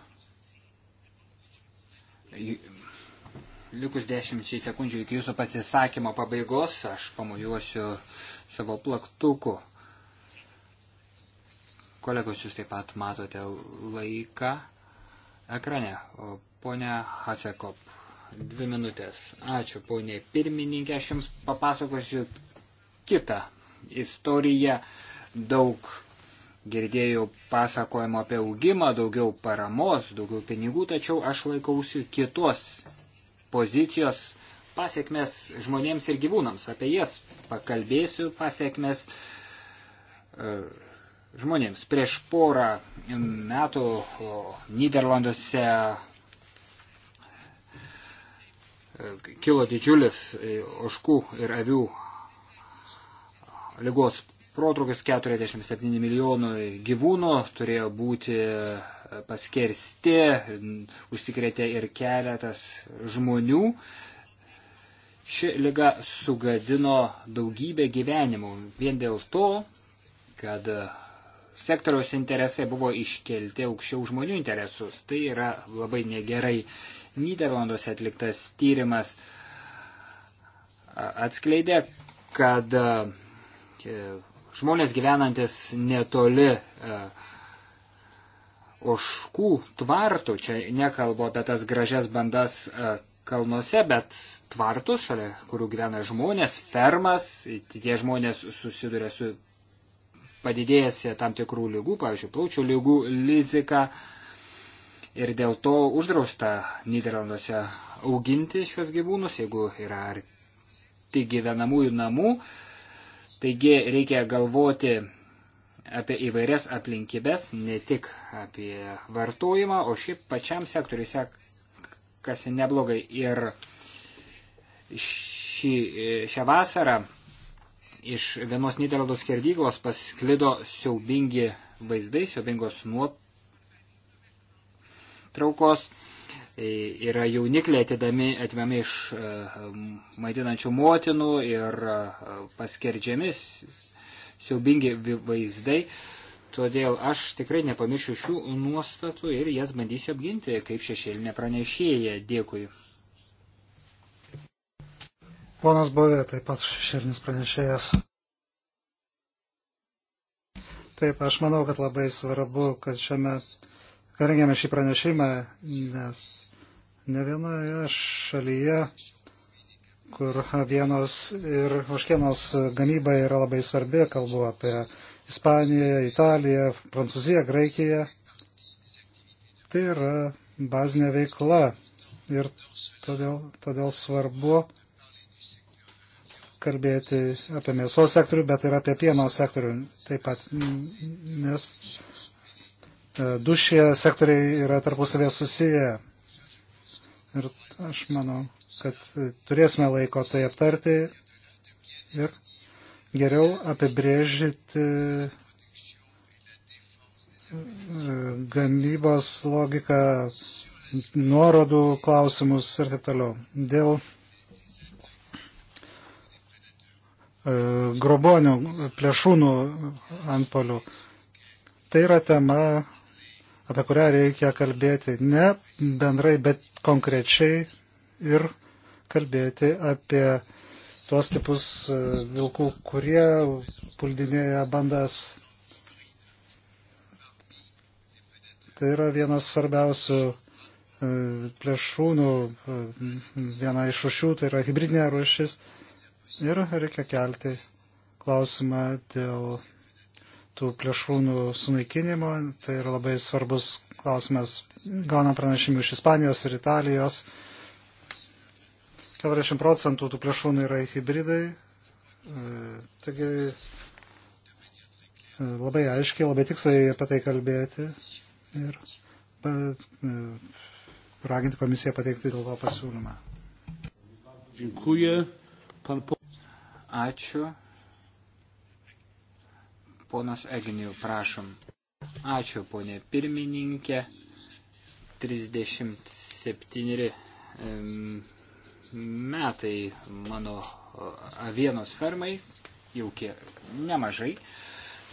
Likus dešimčiai sekundžių iki jūsų pasisakymo pabaigos aš pamojuosiu savo plaktuku. Kolegos, jūs taip pat matote laiką ekrane. Pone Hasekop, dvi minutės. Ačiū, ponė pirmininkė. Aš jums papasakosiu kitą istoriją. Daug Girdėjau pasakojimo apie augimą, daugiau paramos, daugiau pinigų, tačiau aš laikausi kitos pozicijos pasiekmes žmonėms ir gyvūnams. Apie jas pakalbėsiu pasiekmes e, žmonėms. Prieš porą metų Niderlanduose e, kilo didžiulis e, oškų ir avių lygos protrukis 47 milijonų gyvūnų turėjo būti paskersti, užsikrėtė ir keletas žmonių. Ši lyga sugadino daugybę gyvenimų vien dėl to, kad sektoriaus interesai buvo iškelti aukščiau žmonių interesus. Tai yra labai negerai. Niderlanduose atliktas tyrimas atskleidė, kad e, žmonės gyvenantis netoli e, oškų tvartų, čia nekalbu apie tas gražias bandas e, kalnuose, bet tvartus, šalia kurių gyvena žmonės, fermas, tai tie žmonės susiduria su padidėjęs tam tikrų lygų, pavyzdžiui, plaučių lygų rizika. Ir dėl to uždrausta Niderlanduose auginti šios gyvūnus, jeigu yra arti gyvenamųjų namų. Uh, Taigi reikia galvoti apie įvairias aplinkybės, ne tik apie vartojimą, o šiaip pačiam sektoriui sekasi neblogai. Ir šį, šią vasarą iš vienos Niderlandų skerdyklos pasklido siaubingi vaizdai, siaubingos nuotraukos. Tai yra jaunikliai atidami, atvemi iš e, maitinančių motinų ir e, paskerdžiami siaubingi vaizdai. Todėl aš tikrai nepamiršiu šių nuostatų ir jas bandysiu apginti kaip šešėlinė pranešėja. Dėkui. Ponas Bovė taip pat šešėlinis pranešėjas. Taip, aš manau, kad labai svarbu, kad šiame, kad rengėme šį pranešimą, nes Ne vienoje šalyje, kur avienos ir oškienos gamyba yra labai svarbi, kalbu apie Ispaniją, Italiją, Prancūziją, Graikiją. Tai yra bazinė veikla ir todėl, todėl svarbu kalbėti apie mėsos sektorių, bet ir apie pieno sektorių taip pat, nes e, du šie sektoriai yra tarpusavė susiję. Ir aš manau, kad turėsime laiko tai aptarti ir geriau apibrėžyti e, gamybos logiką, nuorodų klausimus ir taip toliau. Dėl e, grobonių, plėšūnų antpolių. Tai yra tema, apie kurią reikia kalbėti ne bendrai, bet konkrečiai ir kalbėti apie tuos tipus e, vilkų, kurie puldinėja bandas. Tai yra vienas svarbiausių e, plėšrūnų, e, viena iš rušių, tai yra hybridinė rušis. Ir reikia kelti klausimą dėl tų plėšrūnų sunaikinimo. Tai yra labai svarbus klausimas. Gaunam pranešimų iš Ispanijos ir Italijos. 40 procentų tų plėšrūnų yra hybridai. E, taigi e, labai aiškiai, labai tiksliai apie tai kalbėti ir e, raginti komisiją pateikti dėl to pasiūlymą. Ačiū. Ponas Egnijų, prašom. Ačiū, ponė pirmininkė. 37 metai mano avienos fermai, jau kiek nemažai.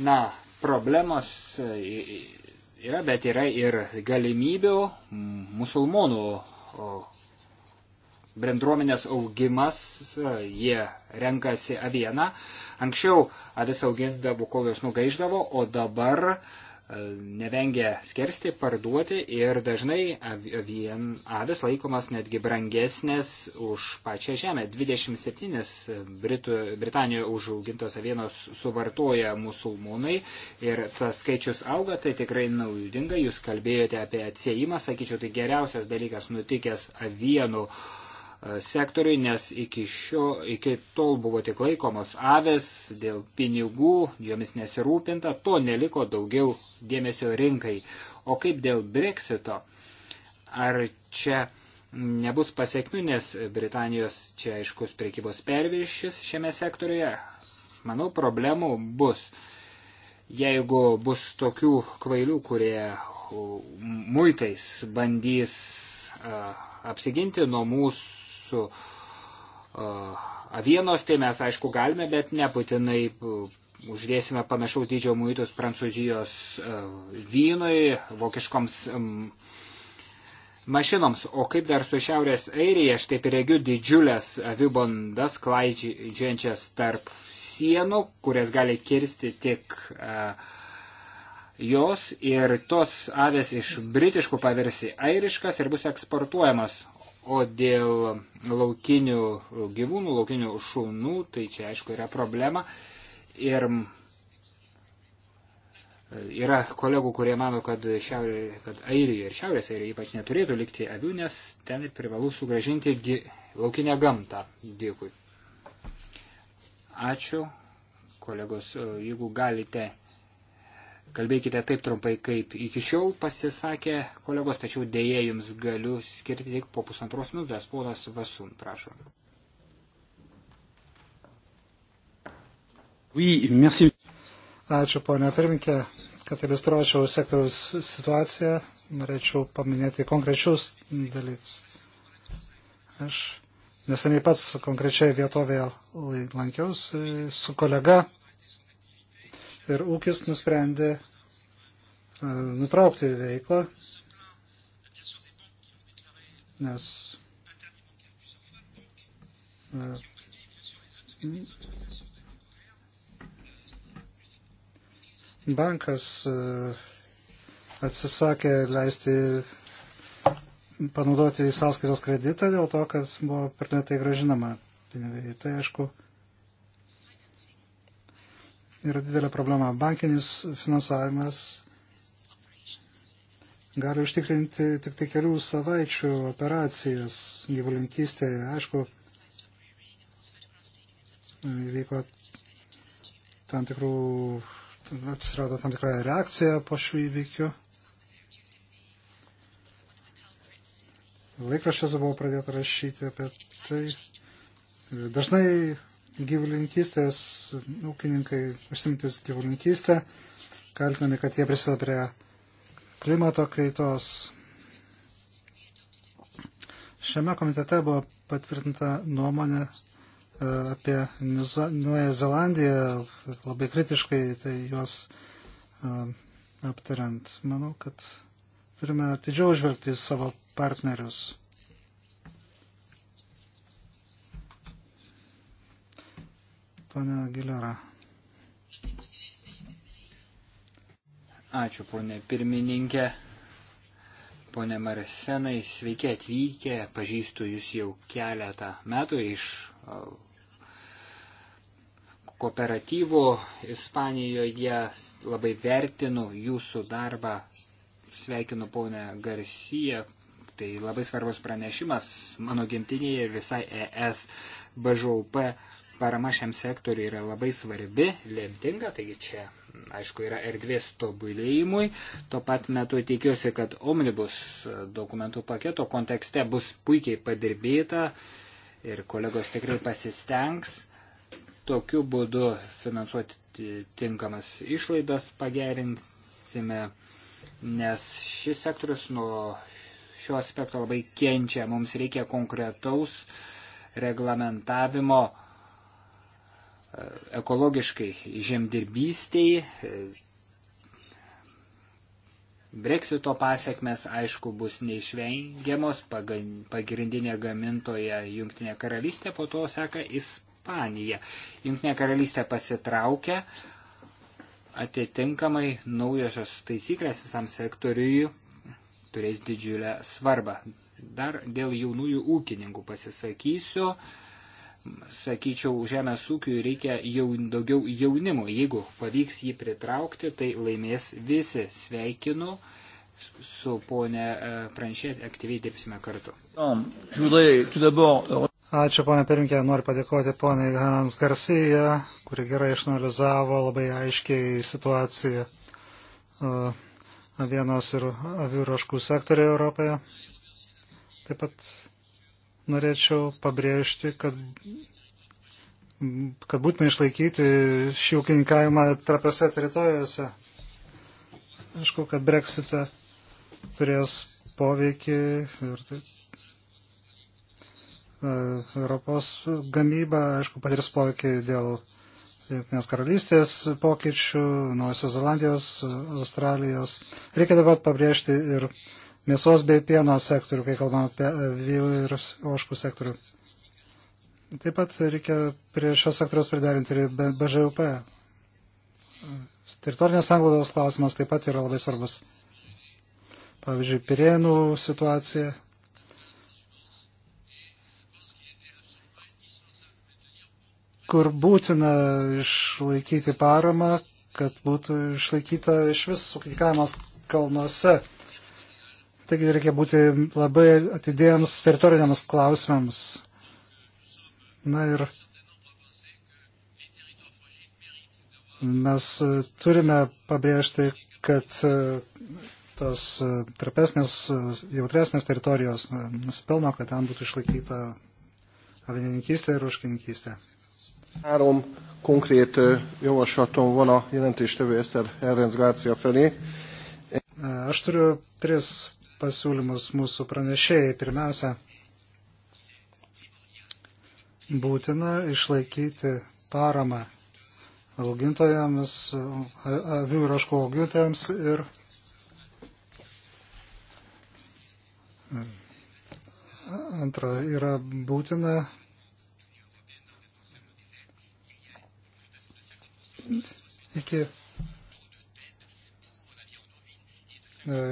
Na, problemos yra, bet yra ir galimybių musulmonų bendruomenės augimas, jie renkasi avieną. Anksčiau avis augindavo, kol jos nugaiždavo, o dabar e, nevengia skersti, parduoti ir dažnai avien, avis laikomas netgi brangesnės už pačią žemę. 27 Britų, Britanijoje užaugintos avienos suvartoja musulmonai ir tas skaičius auga, tai tikrai naudinga. Jūs kalbėjote apie atsiejimą, sakyčiau, tai geriausias dalykas nutikęs avienų uh, sektoriui, nes iki, šio, iki tol buvo tik laikomos aves dėl pinigų, jomis nesirūpinta, to neliko daugiau dėmesio rinkai. O kaip dėl breksito? Ar čia nebus pasiekmių, nes Britanijos čia aiškus priekybos perviršis šiame sektoriuje? Manau, problemų bus. Jeigu bus tokių kvailių, kurie muitais bandys uh, apsiginti nuo mūsų su uh, avienos, tai mes aišku galime, bet nebūtinai uždėsime panašaus dydžio muitus Prancūzijos uh, vynui, vokiškoms um, mašinoms. O kaip dar su Šiaurės Airija, aš taip ir regiu didžiulės avibondas klaidžiančias tarp sienų, kurias gali kirsti tik uh, jos ir tos avės iš britiškų pavirsi airiškas ir bus eksportuojamas. O dėl laukinių gyvūnų, laukinių šunų, tai čia aišku yra problema. Ir yra kolegų, kurie mano, kad, šiaurė, kad Airija ir Šiaurės Airija ypač neturėtų likti avių, nes ten ir privalu sugražinti gi, laukinę gamtą. Dėkui. Ačiū, kolegos, jeigu galite kalbėkite taip trumpai, kaip iki šiol pasisakė kolegos, tačiau dėje jums galiu skirti tik po pusantros minutės. Ponas Vasun, prašom. Oui, merci. Ačiū, ponia pirminkė, kad iliustruočiau sektoriaus situaciją. Norėčiau paminėti konkrečius dalykus. Aš neseniai pats konkrečiai vietovėje lankiausi su kolega ir ūkis nusprendė e, nutraukti veiklą, nes e, bankas e, atsisakė leisti panaudoti sąskaitos kreditą dėl to, kad buvo per netai gražinama pinigai. Tai aišku, yra didelė problema. Bankinis finansavimas gali užtikrinti tik tai kelių savaičių operacijas gyvulinkystėje. Aišku, vyko tam tikrų, atsirado tam tikra reakcija po šių įvykių. Laikraščiuose buvo pradėta rašyti apie tai. Dažnai gyvulinkystės, ūkininkai užsimtis gyvulinkystę, kaltinami, kad jie prisideda prie klimato kaitos. Šiame komitete buvo patvirtinta nuomonė e, apie Nuoją Zelandiją, labai kritiškai tai juos e, aptariant. Manau, kad turime atidžiau žvelgti į savo partnerius. Pane Gilera. Ačiū, ponė pirmininkė. Pone Marsenai, sveiki atvykę, pažįstu jūs jau keletą metų iš kooperatyvų Ispanijoje, labai vertinu jūsų darbą, sveikinu ponę Garciją, tai labai svarbus pranešimas mano gimtinėje ir visai ES BŽUP parama šiam sektoriui yra labai svarbi, lemtinga, taigi čia, aišku, yra erdvės tobulėjimui. Tuo pat metu tikiuosi, kad omnibus dokumentų paketo kontekste bus puikiai padirbėta ir kolegos tikrai pasistengs tokiu būdu finansuoti tinkamas išlaidas pagerinsime, nes šis sektorius nuo šio aspekto labai kenčia. Mums reikia konkretaus reglamentavimo ekologiškai žemdirbystėj. Brexito pasiekmes, aišku, bus neišvengiamos, pagrindinė gamintoja Junktinė karalystė, po to seka Ispanija. Junktinė karalystė pasitraukia, atitinkamai naujosios taisyklės visam sektoriui turės didžiulę svarbą. Dar dėl jaunųjų ūkininkų pasisakysiu sakyčiau, žemės ūkiui reikia jau daugiau jaunimo. Jeigu pavyks jį pritraukti, tai laimės visi. Sveikinu su ponė e, Pranšėt, aktyviai dirbsime kartu. Um, Ačiū, ponė pirminkė, noriu padėkoti poniai Hanans Garcia, kuri gerai išanalizavo labai aiškiai situaciją e, avienos ir avių raškų sektoriai Europoje. Taip pat norėčiau pabrėžti, kad, kad būtina išlaikyti šį ūkininkavimą trapiose teritorijose. Aišku, kad breksitą turės poveikį ir tai, e, Europos gamyba, aišku, patirs poveikį dėl Junktinės karalystės pokyčių, Naujosios Zelandijos, Australijos. Reikia dabar pabrėžti ir mėsos bei pieno sektorių, kai kalbame apie avių ir oškų sektorių. Taip pat reikia prie šios sektoriaus priderinti ir BŽUP. Teritorinės anglodos klausimas taip pat yra labai svarbus. Pavyzdžiui, Pirėnų situacija. kur būtina išlaikyti paramą, kad būtų išlaikyta iš vis ūkininkavimas kalnuose Taigi reikia būti labai atidėjams teritoriniams klausimams. Na ir mes turime pabrėžti, kad e, tos e, trapesnės, e, jautresnės teritorijos nusipelno, kad ten būtų išlaikyta avininkystė ir užkininkystė. Három konkrét javaslatom van a jelentéstevő Eszter Erenc Gárcia felé. Aš turiu tris pasiūlymus mūsų pranešėjai. Pirmiausia, būtina išlaikyti paramą augintojams, avių ir oškų augintojams ir e, antra yra būtina iki e,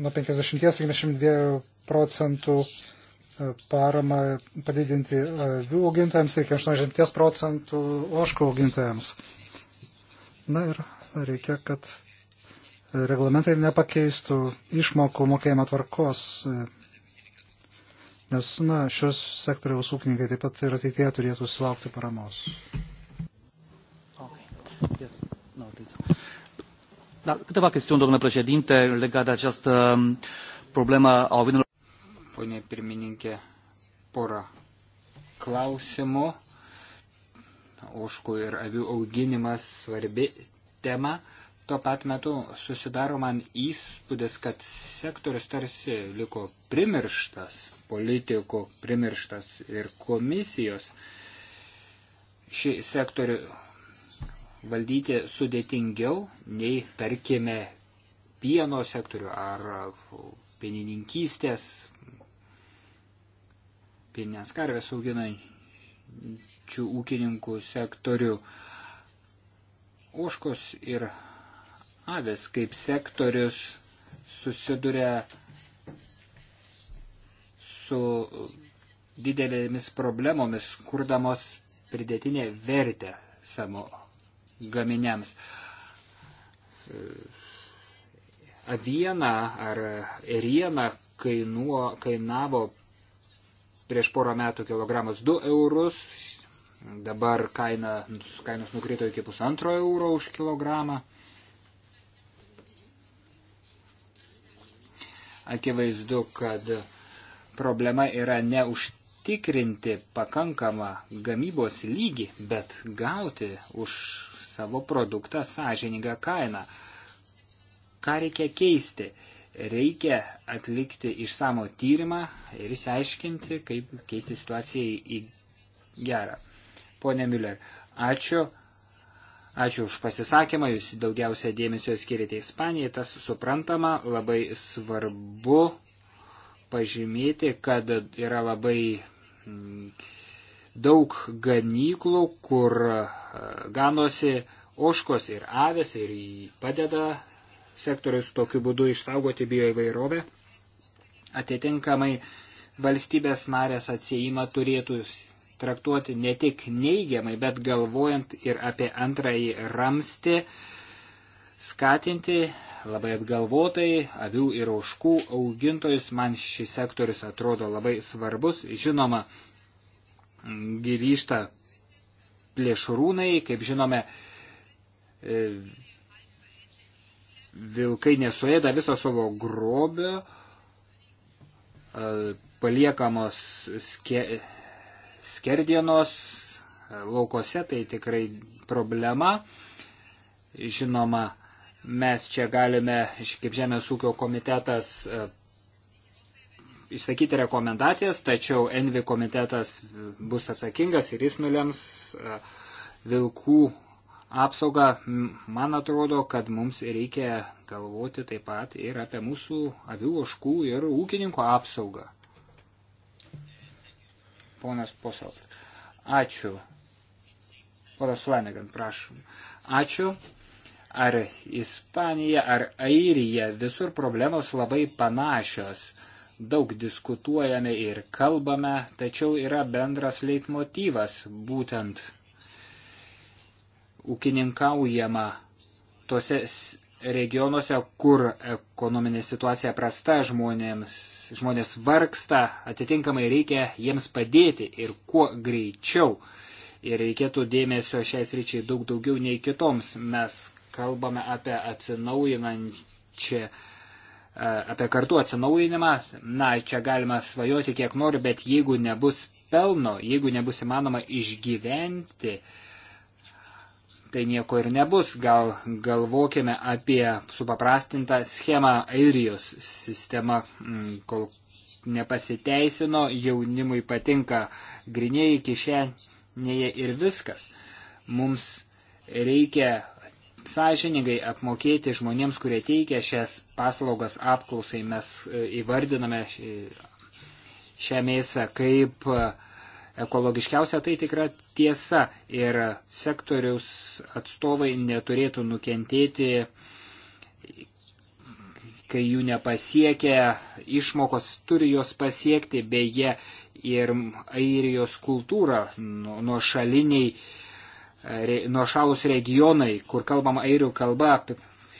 nuo 50-72 procentų e, paramą padidinti e, avių augintojams, reikia 80 procentų oškų augintojams. Na ir reikia, kad reglamentai nepakeistų išmokų mokėjimo tvarkos, e, nes na, šios sektoriaus ūkininkai taip pat ir ateitie turėtų sulaukti paramos. Okay. Yes. No, this... Da, câteva chestiuni, domnule președinte, legate de această um, problemă a vinilor. Pone pirmininkė, pora klausimų. Oškų ir avių auginimas svarbi tema. Tuo pat metu susidaro man įspūdis, kad sektorius tarsi liko primirštas, politikų primirštas ir komisijos. Šį sektorių valdyti sudėtingiau nei, tarkime, pieno sektorių ar pienininkystės, pieninės karvės auginančių ūkininkų sektorių. Oškos ir avės kaip sektorius susiduria su didelėmis problemomis, kurdamos pridėtinę vertę savo gaminiams. Aviena ar eriena kainuo, kainavo prieš porą metų kilogramas 2 eurus, dabar kaina, kainos nukrito iki pusantro euro už kilogramą. Akivaizdu, kad problema yra ne už užtikrinti pakankamą gamybos lygį, bet gauti už savo produktą sąžiningą kainą. Ką reikia keisti? Reikia atlikti išsamo tyrimą ir išsiaiškinti, kaip keisti situaciją į gerą. Pone Miller, ačiū. Ačiū už pasisakymą, jūs daugiausia dėmesio skiriate Ispanijai, tas suprantama, labai svarbu pažymėti, kad yra labai daug ganyklų, kur e, ganosi oškos ir avės ir padeda sektorius tokiu būdu išsaugoti bioįvairovę. Atitinkamai valstybės narės atsijimą turėtų traktuoti ne tik neigiamai, bet galvojant ir apie antrąjį ramstį, uh, skatinti labai apgalvotai avių ir auškų augintojus. Man šis sektorius atrodo labai svarbus. Žinoma, grįžta plėšrūnai, kaip žinome, e, vilkai nesuėda viso savo grobio, e, paliekamos ske, skerdienos e, laukose, tai tikrai problema. Žinoma, Mes čia galime, kaip Žemės ūkio komitetas, e, išsakyti rekomendacijas, tačiau Envi komitetas e, bus atsakingas ir jis nulems e, vilkų apsaugą. Man atrodo, kad mums reikia galvoti taip pat ir apie mūsų avių oškų ir ūkininko apsaugą. Ponas Posalt. Ačiū. Ponas Flanagan, prašom. Ačiū ar Ispanija, ar Airija, visur problemos labai panašios. Daug diskutuojame ir kalbame, tačiau yra bendras leitmotyvas, būtent ūkininkaujama tose regionuose, kur ekonominė situacija prasta, žmonėms, žmonės vargsta, atitinkamai reikia jiems padėti ir kuo greičiau. Ir reikėtų dėmesio šiais ryčiai daug daugiau nei kitoms. Mes kalbame apie atsinaujinančią e, apie kartų atsinaujinimą, na, čia galima svajoti kiek nori, bet jeigu nebus pelno, jeigu nebus įmanoma išgyventi, tai nieko ir nebus. Gal galvokime apie supaprastintą schemą Airijos sistema, mm, kol nepasiteisino, jaunimui patinka grinėjai kišenėje ir viskas. Mums reikia sąžiningai apmokėti žmonėms, kurie teikia šias paslaugas apklausai. Mes e, įvardiname e, šią mėsą kaip e, ekologiškiausia, tai tikra tiesa ir sektoriaus atstovai neturėtų nukentėti, kai jų nepasiekia, išmokos turi jos pasiekti, beje, ir airijos kultūra nuo šaliniai. Nu nuošalus regionai, kur kalbama airių kalba,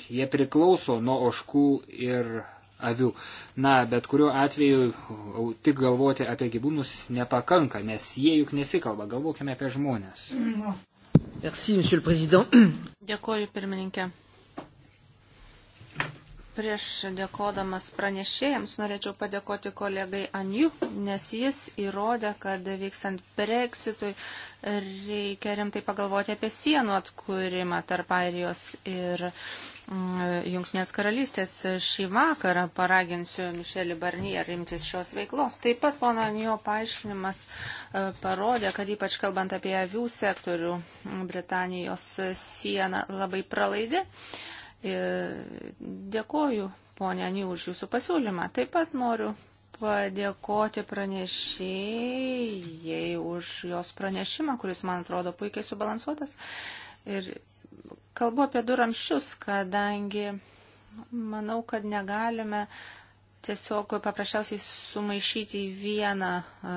jie priklauso nuo oškų ir avių. Na, bet kuriuo atveju tik galvoti apie gyvūnus nepakanka, nes jie juk nesikalba, galvokime apie žmonės. Merci, Dėkuoju, pirmininkė. Prieš dėkodamas pranešėjams norėčiau padėkoti kolegai Anju, nes jis įrodė, kad vykstant Brexitui reikia rimtai pagalvoti apie sienų atkūrimą tarp Airijos ir mm, Jungtinės karalystės. Šį vakarą paraginsiu Mišelį Barnier imtis šios veiklos. Taip pat pono Anju paaiškinimas e, parodė, kad ypač kalbant apie avių sektorių, Britanijos siena labai pralaidi. E, dėkoju, ponia Ani, už jūsų pasiūlymą. Taip pat noriu padėkoti pranešėjai už jos pranešimą, kuris, man atrodo, puikiai subalansuotas. Ir kalbu apie du ramščius, kadangi manau, kad negalime uh, tiesiog paprasčiausiai sumaišyti į vieną e,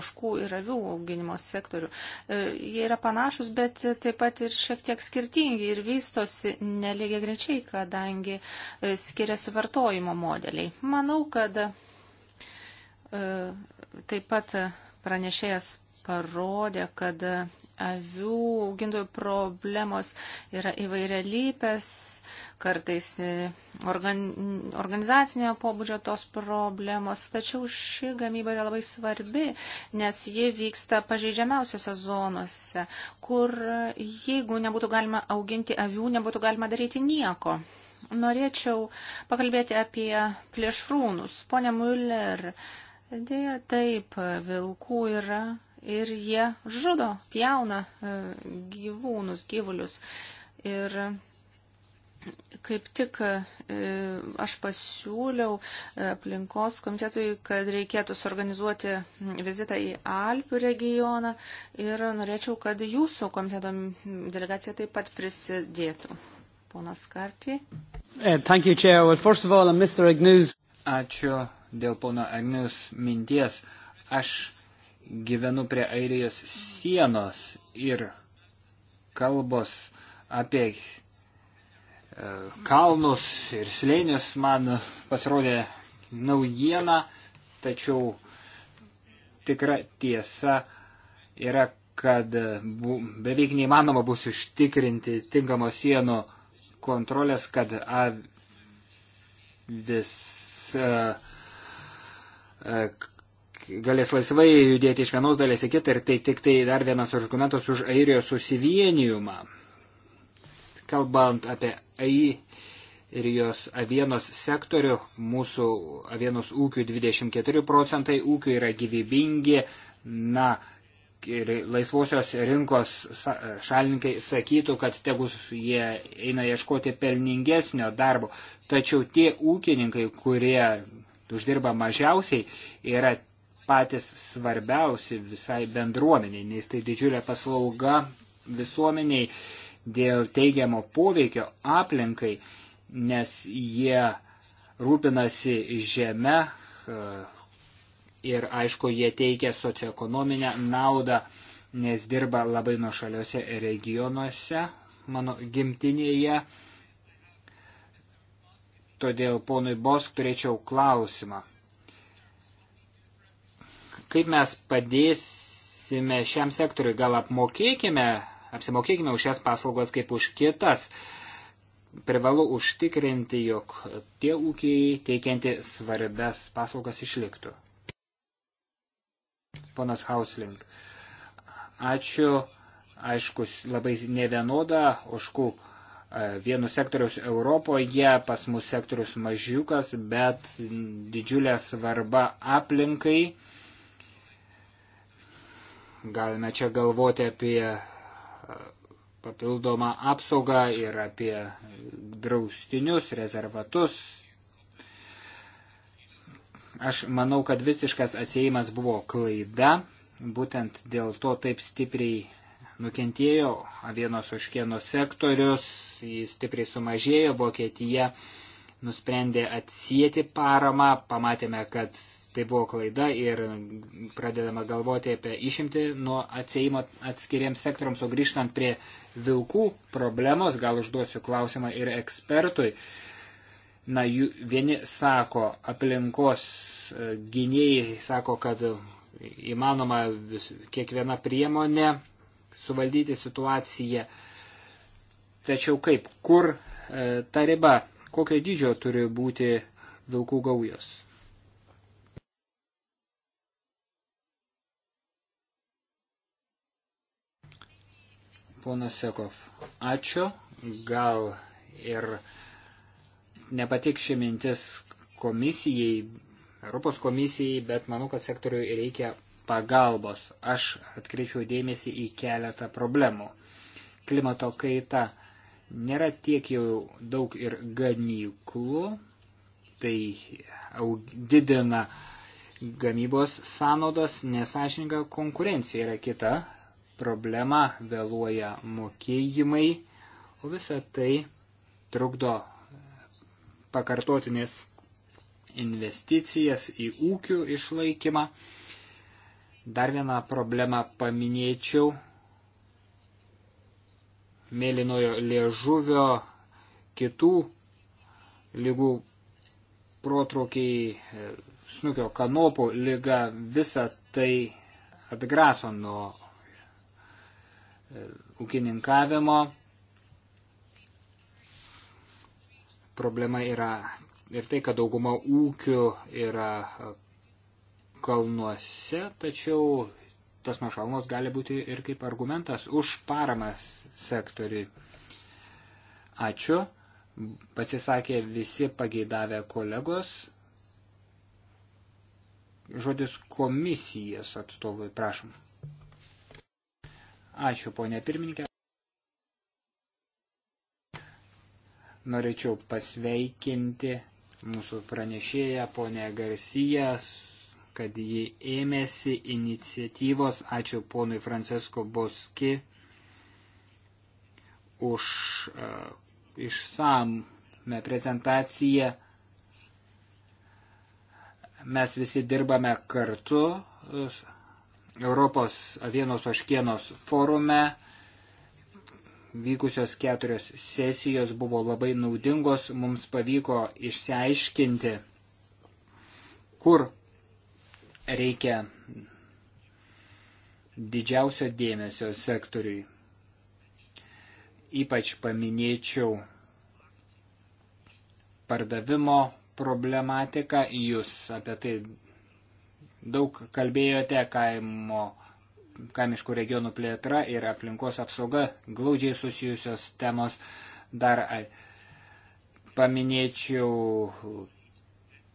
oškų ir avių auginimo sektorių. E, jie yra panašus, bet taip pat ir šiek tiek skirtingi ir vystosi neligiai grečiai, kadangi e, skiriasi vartojimo modeliai. Manau, kad taip pat pranešėjas parodė, kad avių augintojų problemos yra įvairialypės kartais e, organ, organizacinio pobūdžio tos problemos, tačiau ši gamyba yra labai svarbi, nes ji vyksta pažeidžiamiausiose zonose, kur jeigu nebūtų galima auginti avių, nebūtų galima daryti nieko. Norėčiau pakalbėti apie plėšrūnus. Pone Müller, dėja taip, vilkų yra ir jie žudo, pjauna e, gyvūnus, gyvulius. Ir Kaip tik e, aš pasiūliau e, aplinkos komitetui, kad reikėtų suorganizuoti vizitą į Alpių regioną ir norėčiau, kad jūsų komiteto delegacija taip pat prisidėtų. Ponas Kartį. Eh, Ačiū dėl pono Agnius minties. Aš gyvenu prie Airijos sienos ir kalbos apie kalnus ir slėnius man pasirodė naujiena, tačiau tikra tiesa yra, kad beveik neįmanoma bus užtikrinti tinkamos sienų kontrolės, kad avis galės laisvai judėti iš vienos dalies į kitą ir tai tik tai dar vienas argumentas už airijos susivienijimą. Kalbant apie AI ir jos avienos sektorių, mūsų avienos ūkių 24 procentai ūkių yra gyvybingi, na, ir laisvosios rinkos šalininkai sakytų, kad tegus jie eina ieškoti pelningesnio darbo, tačiau tie ūkininkai, kurie uždirba mažiausiai, yra patys svarbiausi visai bendruomeniai, nes tai didžiulė paslauga visuomeniai dėl teigiamo poveikio aplinkai, nes jie rūpinasi žeme e, ir aišku, jie teikia socioekonominę naudą, nes dirba labai nuošaliuose regionuose mano gimtinėje. Todėl ponui Bosk turėčiau klausimą. Kaip mes padėsime šiam sektoriui, gal apmokėkime apsimokėkime už šias paslaugas kaip už kitas. Privalu užtikrinti, jog tie ūkiai teikianti svarbias paslaugas išliktų. Ponas Hausling, ačiū, aišku, labai nevienoda oškų e, vienu sektoriaus Europoje, pas mus sektorius mažiukas, bet didžiulė svarba aplinkai. Galime čia galvoti apie papildomą apsaugą ir apie draustinius, rezervatus. Aš manau, kad visiškas atsėjimas buvo klaida, būtent dėl to taip stipriai nukentėjo avienos užkieno sektorius, jis stipriai sumažėjo, Vokietija nusprendė atsijėti paramą, pamatėme, kad tai buvo klaida ir pradedama galvoti apie išimti nuo atsėjimo atskiriems sektoriams, o grįžtant prie vilkų problemos, gal užduosiu klausimą ir ekspertui. Na, jų, vieni sako, aplinkos e, gynėjai sako, kad įmanoma vis, kiekviena priemonė suvaldyti situaciją. Tačiau kaip, kur e, ta riba, kokio dydžio turi būti vilkų gaujos? Ponas Sekov, ačiū. Gal ir nepatik ši mintis komisijai, Europos komisijai, bet manau, kad sektoriui reikia pagalbos. Aš atkreipiau dėmesį į keletą problemų. Klimato kaita nėra tiek jau daug ir ganyklų, tai didina gamybos sąnaudos, nesažininga konkurencija yra kita problema, vėluoja mokėjimai, o visa tai trukdo pakartotinės investicijas į ūkių išlaikymą. Dar vieną problemą paminėčiau mėlynojo liežuvio kitų lygų protrukiai, e, snukio kanopų lyga, visa tai atgraso nuo ūkininkavimo problema yra ir tai, kad dauguma ūkių yra kalnuose, tačiau tas nuošalnos gali būti ir kaip argumentas už paramas sektoriui. Ačiū. Pasisakė visi pageidavę kolegos. Žodis komisijos atstovui, prašom. Ačiū, ponė pirmininkė. Norėčiau pasveikinti mūsų pranešėją, ponė Garcija, kad ji ėmėsi iniciatyvos. Ačiū ponui Francesko Boski už uh, e, išsamę prezentaciją. Mes visi dirbame kartu. Uh, Europos avienos oškienos forume vykusios keturios sesijos buvo labai naudingos, mums pavyko išsiaiškinti, kur reikia didžiausio dėmesio sektoriui. Ypač paminėčiau pardavimo problematiką, jūs apie tai Daug kalbėjote kaimo, kaimiškų regionų plėtra ir aplinkos apsauga, glaudžiai susijusios temos. Dar paminėčiau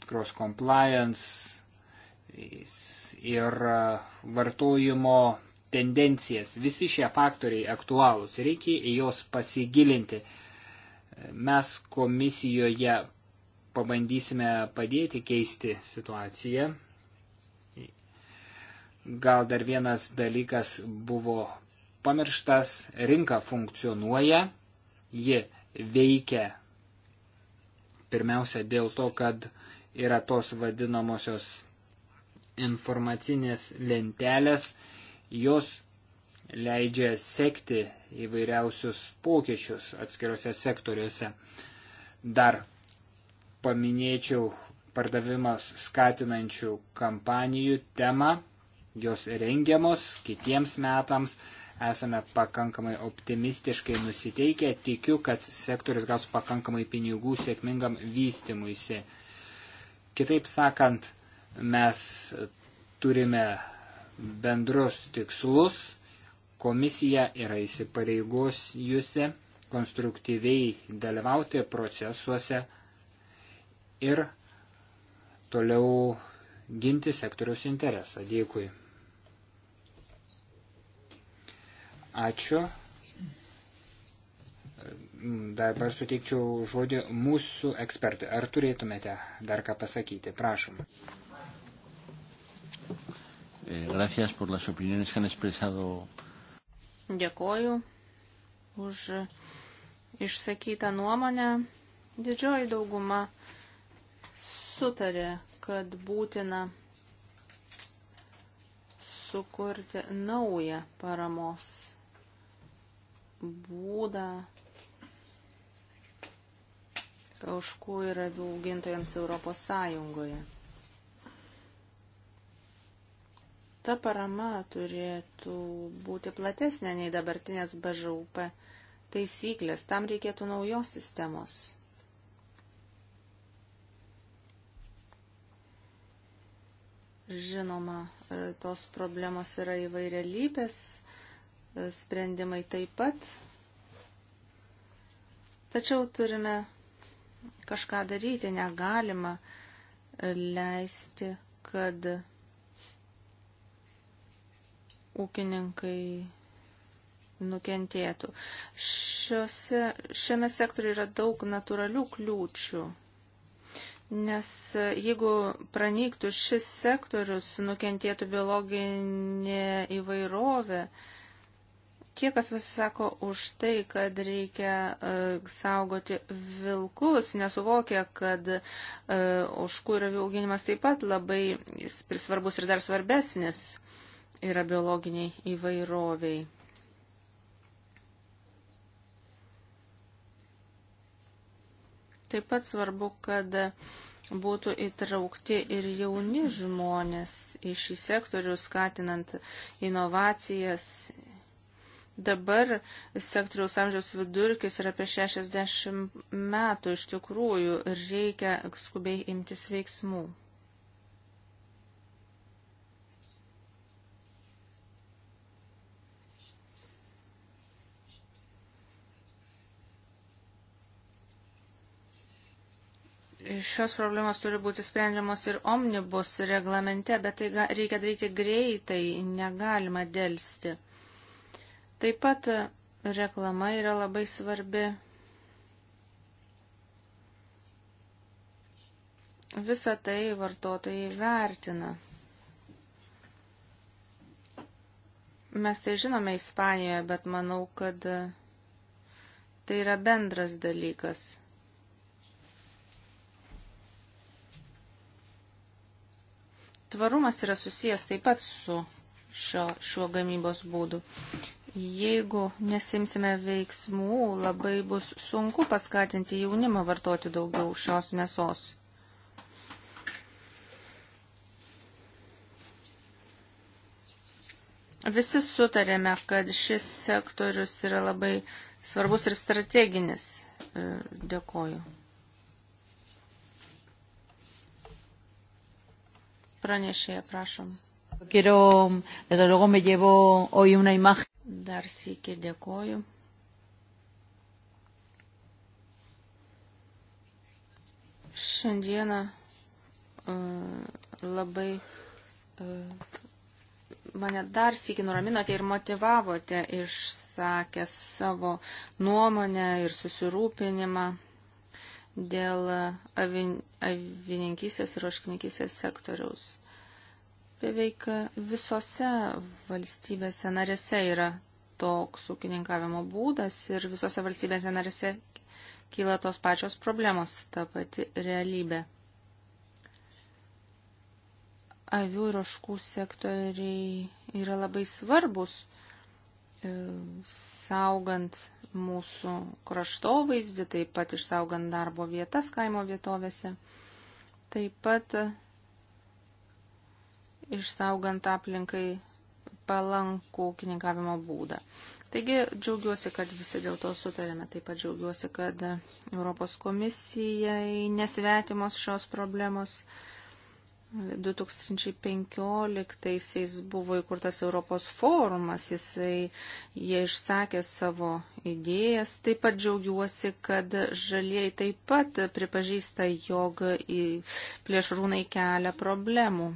cross compliance ir vartojimo tendencijas. Visi šie faktoriai aktualūs. Reikia į juos pasigilinti. Mes komisijoje pabandysime padėti keisti situaciją. Gal dar vienas dalykas buvo pamirštas. Rinka funkcionuoja, ji veikia pirmiausia dėl to, kad yra tos vadinamosios informacinės lentelės, jos leidžia sekti įvairiausius pokyčius atskiriuose sektoriuose. Dar paminėčiau pardavimas skatinančių kampanijų temą jos rengiamos kitiems metams. Esame pakankamai optimistiškai nusiteikę, tikiu, kad sektorius gaus pakankamai pinigų sėkmingam vystimuisi. Kitaip sakant, mes turime bendrus tikslus, komisija yra įsipareigojusi konstruktyviai dalyvauti procesuose ir toliau ginti sektoriaus interesą. Dėkui. Ačiū. Dabar suteikčiau žodį mūsų ekspertui. Ar turėtumėte dar ką pasakyti? Prašom. Eh, gracias por las opiniones que han expresado. Dėkoju už išsakytą nuomonę. Didžioji dauguma sutarė, kad būtina sukurti naują paramos būdą oškų ir avių augintojams Europos Sąjungoje. Ta parama turėtų būti platesnė nei dabartinės BŽUP taisyklės. Tam reikėtų naujos sistemos. Žinoma, e, tos problemos yra įvairialypės sprendimai taip pat. Tačiau turime kažką daryti, negalima leisti, kad ūkininkai nukentėtų. Šiose, šiame sektoriu yra daug natūralių kliūčių, nes jeigu pranyktų šis sektorius, nukentėtų biologinė įvairovė, Tie, kas pasisako už tai, kad reikia e, saugoti vilkus, nesuvokia, kad oškų ir avių auginimas taip pat labai svarbus ir dar svarbesnis yra biologiniai įvairoviai. Taip pat svarbu, kad būtų įtraukti ir jauni žmonės į šį sektorių, skatinant inovacijas Dabar sektoriaus amžiaus vidurkis yra apie 60 metų. Iš tikrųjų, reikia skubiai imtis veiksmų. šios problemos turi būti sprendžiamos ir omnibus reglamente, bet tai reikia daryti greitai, negalima dėlsti. Taip pat e, reklama yra labai svarbi. Visą tai vartotojai vertina. Mes tai žinome Ispanijoje, bet manau, kad e, tai yra bendras dalykas. Tvarumas yra susijęs taip pat su šio, šiuo gamybos būdu. Jeigu nesimsime veiksmų, labai bus sunku paskatinti jaunimą vartoti daugiau šios mėsos. Visi sutarėme, kad šis sektorius yra labai svarbus ir strateginis. E, dėkoju. Pranešėja, prašom. Quiero, desde luego me llevo hoy una imagen. Dar sėkiai dėkoju. Šiandieną e, labai e, mane dar sėkiai nuraminote ir motivavote išsakę savo nuomonę ir susirūpinimą dėl avin, avininkysės ir oškininkysės sektoriaus. Beveik visose valstybėse narėse yra toks ūkininkavimo būdas ir visose valstybėse narėse kyla tos pačios problemos, ta pati realybė. Avių ir oškų sektoriai yra labai svarbus, e, saugant mūsų kraštovaizdį, taip pat išsaugant darbo vietas kaimo vietovėse. Taip pat išsaugant aplinkai palankų ūkininkavimo būdą. Taigi džiaugiuosi, kad visi dėl to sutarėme. Taip pat džiaugiuosi, kad Europos komisijai nesvetimos šios problemos. 2015-aisiais buvo įkurtas Europos forumas, jisai jie išsakė savo idėjas. Taip pat džiaugiuosi, kad žalieji taip pat pripažįsta, jog plėšrūnai kelia problemų.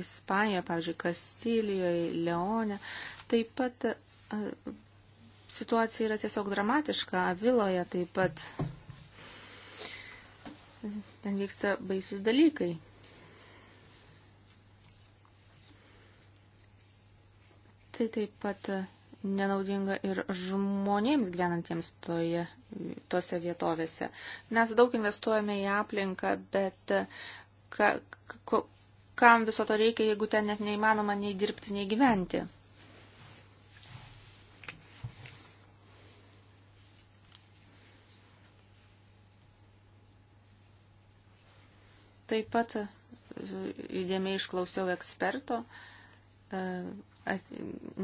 Ispanijoje, pavyzdžiui, Kastilijoje, Leone. Taip pat e, situacija yra tiesiog dramatiška. Aviloje taip pat ten vyksta baisūs dalykai. Tai taip pat nenaudinga ir žmonėms gyvenantiems toje, tose vietovėse. Mes daug investuojame į aplinką, bet ka, ko, kam viso to reikia, jeigu ten net neįmanoma nei dirbti, nei gyventi. Taip pat e, įdėmiai išklausiau eksperto e,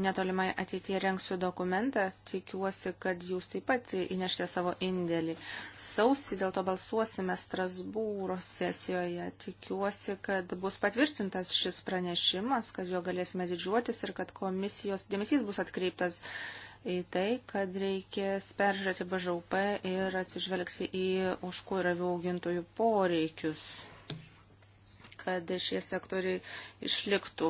netolimai ateitie renksiu dokumentą, tikiuosi, kad jūs taip pat įnešite savo indėlį. Sausį dėl to balsuosime Strasbūro sesijoje. Tikiuosi, kad bus patvirtintas šis pranešimas, kad jo galėsime didžiuotis ir kad komisijos dėmesys bus atkreiptas į tai, kad reikės peržiūrėti BŽUP ir atsižvelgti į užkų ir avių augintojų poreikius kad šie sektoriai išliktų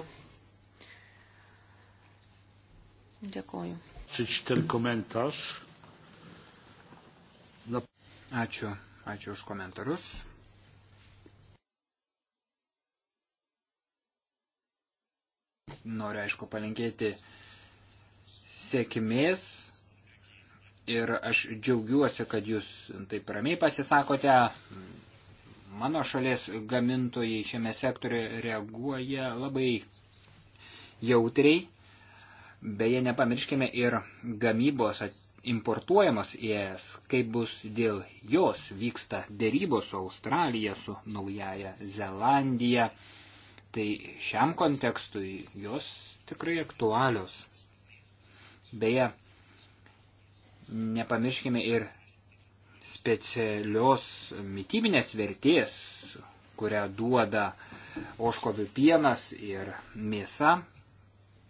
Dėkoju. Ačiū, ačiū už komentarus. Noriu, aišku, palinkėti sėkmės ir aš džiaugiuosi, kad jūs taip ramiai pasisakote. Mano šalies gamintojai šiame sektoriu reaguoja labai jautriai Beje, nepamirškime ir gamybos importuojamos į ES, kaip bus dėl jos vyksta dėrybos su Australija, su Naujaja Zelandija. Tai šiam kontekstui jos tikrai aktualios. Beje, nepamirškime ir specialios mytybinės vertės, kurią duoda oškovių pienas ir mėsa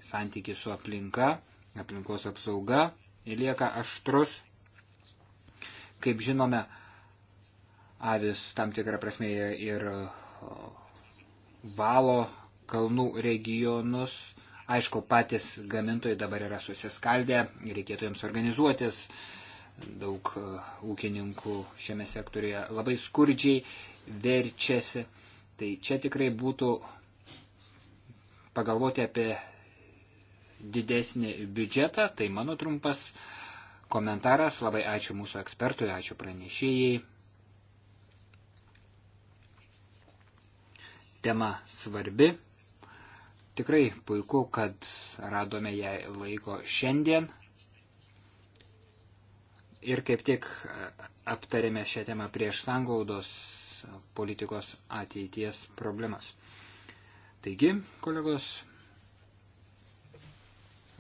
santykiai su aplinka, aplinkos apsauga lieka aštrus. Kaip žinome, avis tam tikrą prasme ir valo kalnų regionus. Aišku, patys gamintojai dabar yra susiskaldę, reikėtų jiems organizuotis. Daug ūkininkų šiame sektoriuje labai skurdžiai verčiasi. Tai čia tikrai būtų pagalvoti apie didesnį biudžetą. Tai mano trumpas komentaras. Labai ačiū mūsų ekspertui, ačiū pranešėjai. Tema svarbi. Tikrai puiku, kad radome jai laiko šiandien. Ir kaip tik aptarėme šią temą prieš sanglaudos politikos ateities problemas. Taigi, kolegos,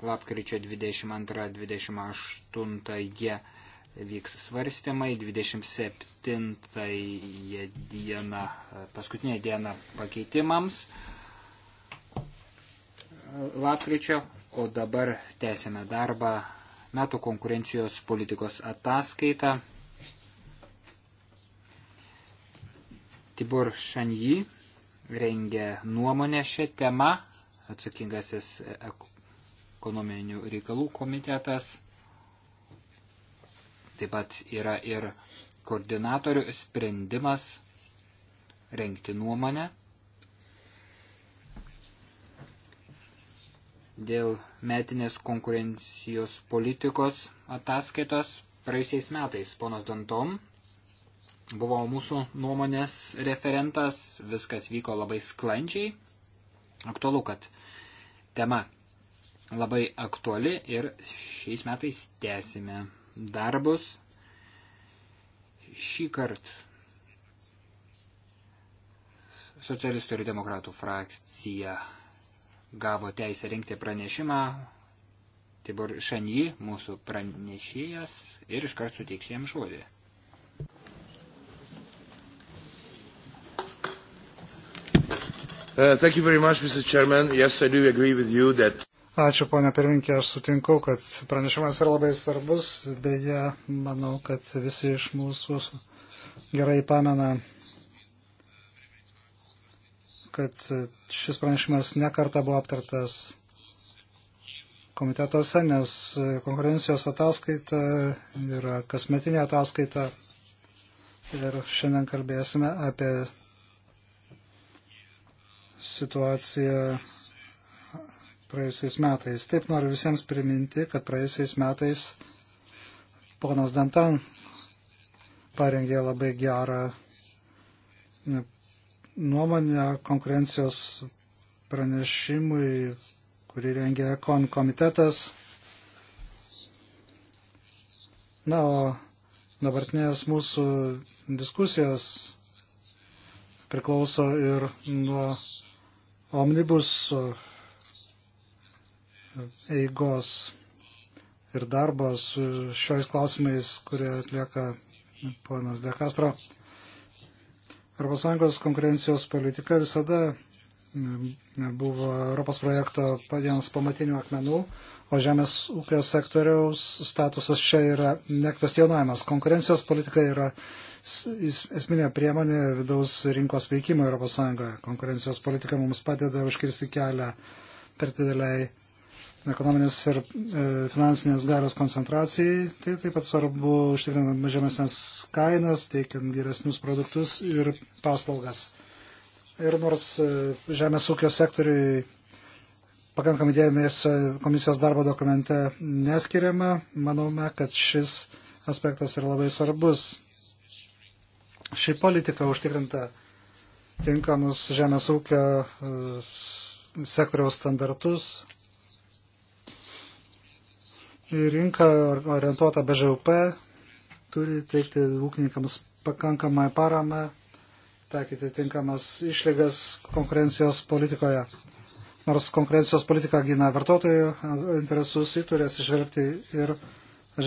lapkričio 22-28 vyks svarstymai, 27 dieną, paskutinė diena pakeitimams lapkričio, o dabar tęsėme darbą metų konkurencijos politikos ataskaitą. Tibor Šanji rengia nuomonę šią temą, atsakingasis e- ekonominių reikalų komitetas. Taip pat yra ir koordinatorių sprendimas renkti nuomonę dėl metinės konkurencijos politikos ataskaitos praėjusiais metais. Ponas Dantom buvo mūsų nuomonės referentas, viskas vyko labai sklandžiai. Aktualu, kad tema labai aktuali ir šiais metais tęsime darbus. Šį kartą socialistų ir demokratų frakcija gavo teisę rinkti pranešimą. Tibor Šanji, mūsų pranešėjas, ir iškart suteiksiu jam žodį. Uh, thank you very much, Mr. Chairman. Yes, I do agree with you that Ačiū, ponia pirminkė, aš sutinku, kad pranešimas yra labai svarbus, beje, manau, kad visi iš mūsų gerai pamena, kad šis pranešimas nekarta buvo aptartas komitetuose, nes konkurencijos ataskaita yra kasmetinė ataskaita ir šiandien kalbėsime apie situaciją praėjusiais metais. Taip noriu visiems priminti, kad praėjusiais metais ponas Dantan parengė labai gerą nuomonę konkurencijos pranešimui, kurį rengė Ekon komitetas. Na, o dabartinės mūsų diskusijos priklauso ir nuo omnibus eigos ir darbo su šiais klausimais, kurie atlieka ponas De Castro. ES konkurencijos politika visada mm, buvo Europos projekto vienas pamatinių akmenų, o žemės ūkio sektoriaus statusas čia yra nekvestionuojamas. Konkurencijos politika yra esminė priemonė vidaus rinkos veikimo ES. Konkurencijos politika mums padeda užkirsti kelią per dideliai ekonominės ir e, finansinės galios koncentracijai. Tai taip pat svarbu užtikrinant žemesnės kainas, teikiant geresnius produktus ir paslaugas. Ir nors e, žemės ūkio sektoriui pakankamai dėmesio komisijos darbo dokumente neskiriama, manome, kad šis aspektas yra labai svarbus. Ši politika užtikrinta tinkamus žemės ūkio e, sektoriaus standartus rinka orientuota BŽUP turi teikti ūkininkams pakankamą paramą, taikyti tinkamas išlygas konkurencijos politikoje. Nors konkurencijos politika gina vartotojų interesus, jį turi atsižvelgti ir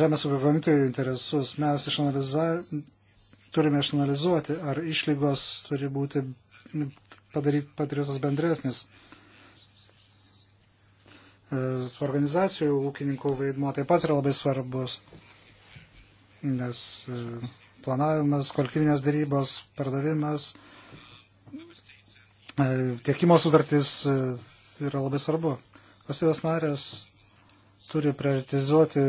žemės ūkio gamintojų interesus. Mes išanaliza... turime išanalizuoti, ar išlygos turi būti padaryt, padarytos bendresnis. E, organizacijų ūkininkų vaidmuo taip pat yra labai svarbus, nes e, planavimas, kolektyvinės darybos, pardavimas, e, tiekimo sutartys yra labai svarbu. Pasivės narės turi prioritizuoti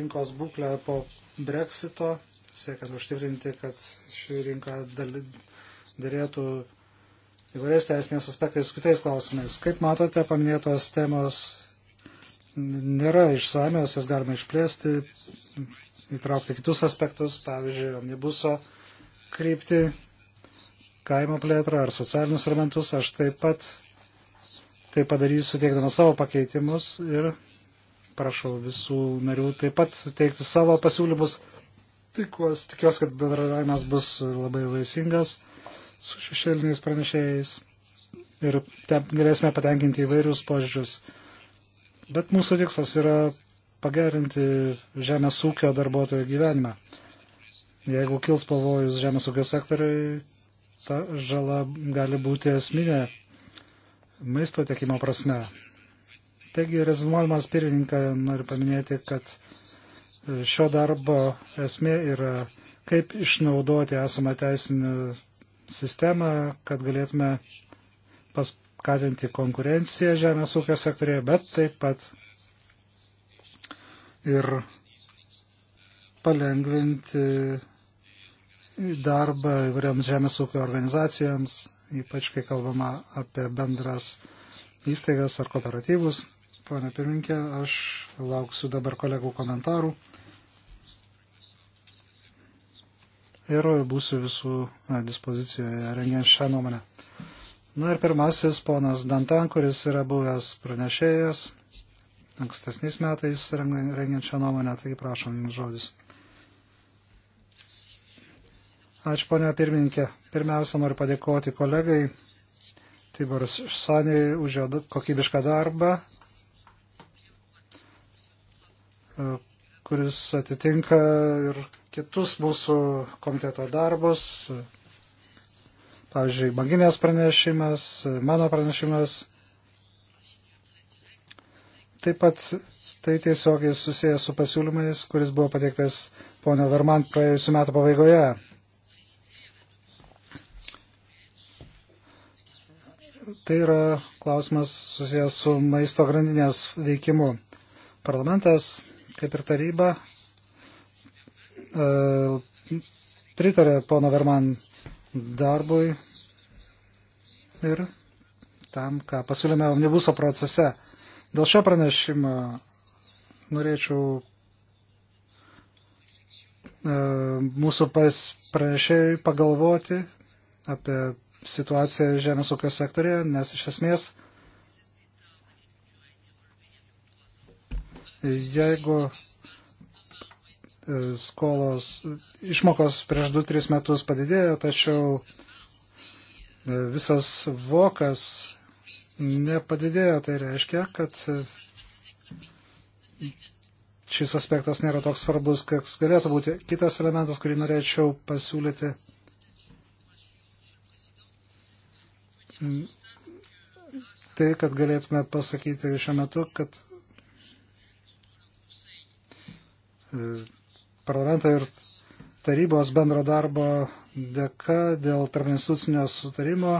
rinkos būklę po Brexito, siekiant užtikrinti, kad ši rinka dėrėtų įvairiais teisinės aspektais, kitais klausimais. Kaip matote, paminėtos temos nėra išsamios, jas galima išplėsti, įtraukti kitus aspektus, pavyzdžiui, omnibuso krypti, kaimo plėtrą ar socialinius elementus. Aš taip pat tai padarysiu teikdamas savo pakeitimus ir prašau visų narių taip pat teikti savo pasiūlymus. Tikiuosi, tikiuos, kad bendradarbiavimas bus labai vaisingas su šešėliniais pranešėjais ir ten galėsime patenkinti įvairius požiūrius. Bet mūsų tikslas yra pagerinti žemės ūkio darbuotojų gyvenimą. Jeigu kils pavojus žemės ūkio sektoriui, ta žala gali būti esminė maisto tiekimo prasme. Taigi, rezumuodamas pirmininką, noriu paminėti, kad e, šio darbo esmė yra kaip išnaudoti esamą teisinį sistemą, kad galėtume paskatinti konkurenciją žemės ūkio sektorėje, bet taip pat ir palengvinti darbą įvairioms žemės ūkio organizacijoms, ypač kai kalbama apie bendras įstaigas ar kooperatyvus. Pone pirminkė, aš lauksiu dabar kolegų komentarų. ir būsiu visų na, dispozicijoje rengiant šią nuomonę. Na ir pirmasis ponas Dantan, kuris yra buvęs pranešėjas ankstesniais metais rengiant šią nuomonę, taigi prašom jums žodis. Ačiū, ponia pirmininkė. Pirmiausia, noriu padėkoti kolegai Tiboras Saniai už jo kokybišką darbą, e, kuris atitinka ir kitus mūsų komiteto darbus. Pavyzdžiui, banginės pranešimas, mano pranešimas. Taip pat tai tiesiogiai susijęs su pasiūlymais, kuris buvo pateiktas ponio Vermant praėjusiu metu pabaigoje. Tai yra klausimas susijęs su maisto grandinės veikimu. Parlamentas, kaip ir taryba, E, pritarė pono Verman darbui ir tam, ką pasiūlėme omnibuso procese. Dėl šio pranešimo norėčiau e, mūsų pranešėjai pagalvoti apie situaciją žemės ūkio sektorėje, nes iš esmės, jeigu skolos išmokos prieš 2-3 metus padidėjo, tačiau e, visas vokas nepadidėjo. Tai reiškia, kad e, šis aspektas nėra toks svarbus, koks galėtų būti. Kitas elementas, kurį norėčiau pasiūlyti. Tai, kad galėtume pasakyti šiuo metu, kad e, parlamento ir tarybos bendro darbo dėka dėl tarpinstitucinio sutarimo,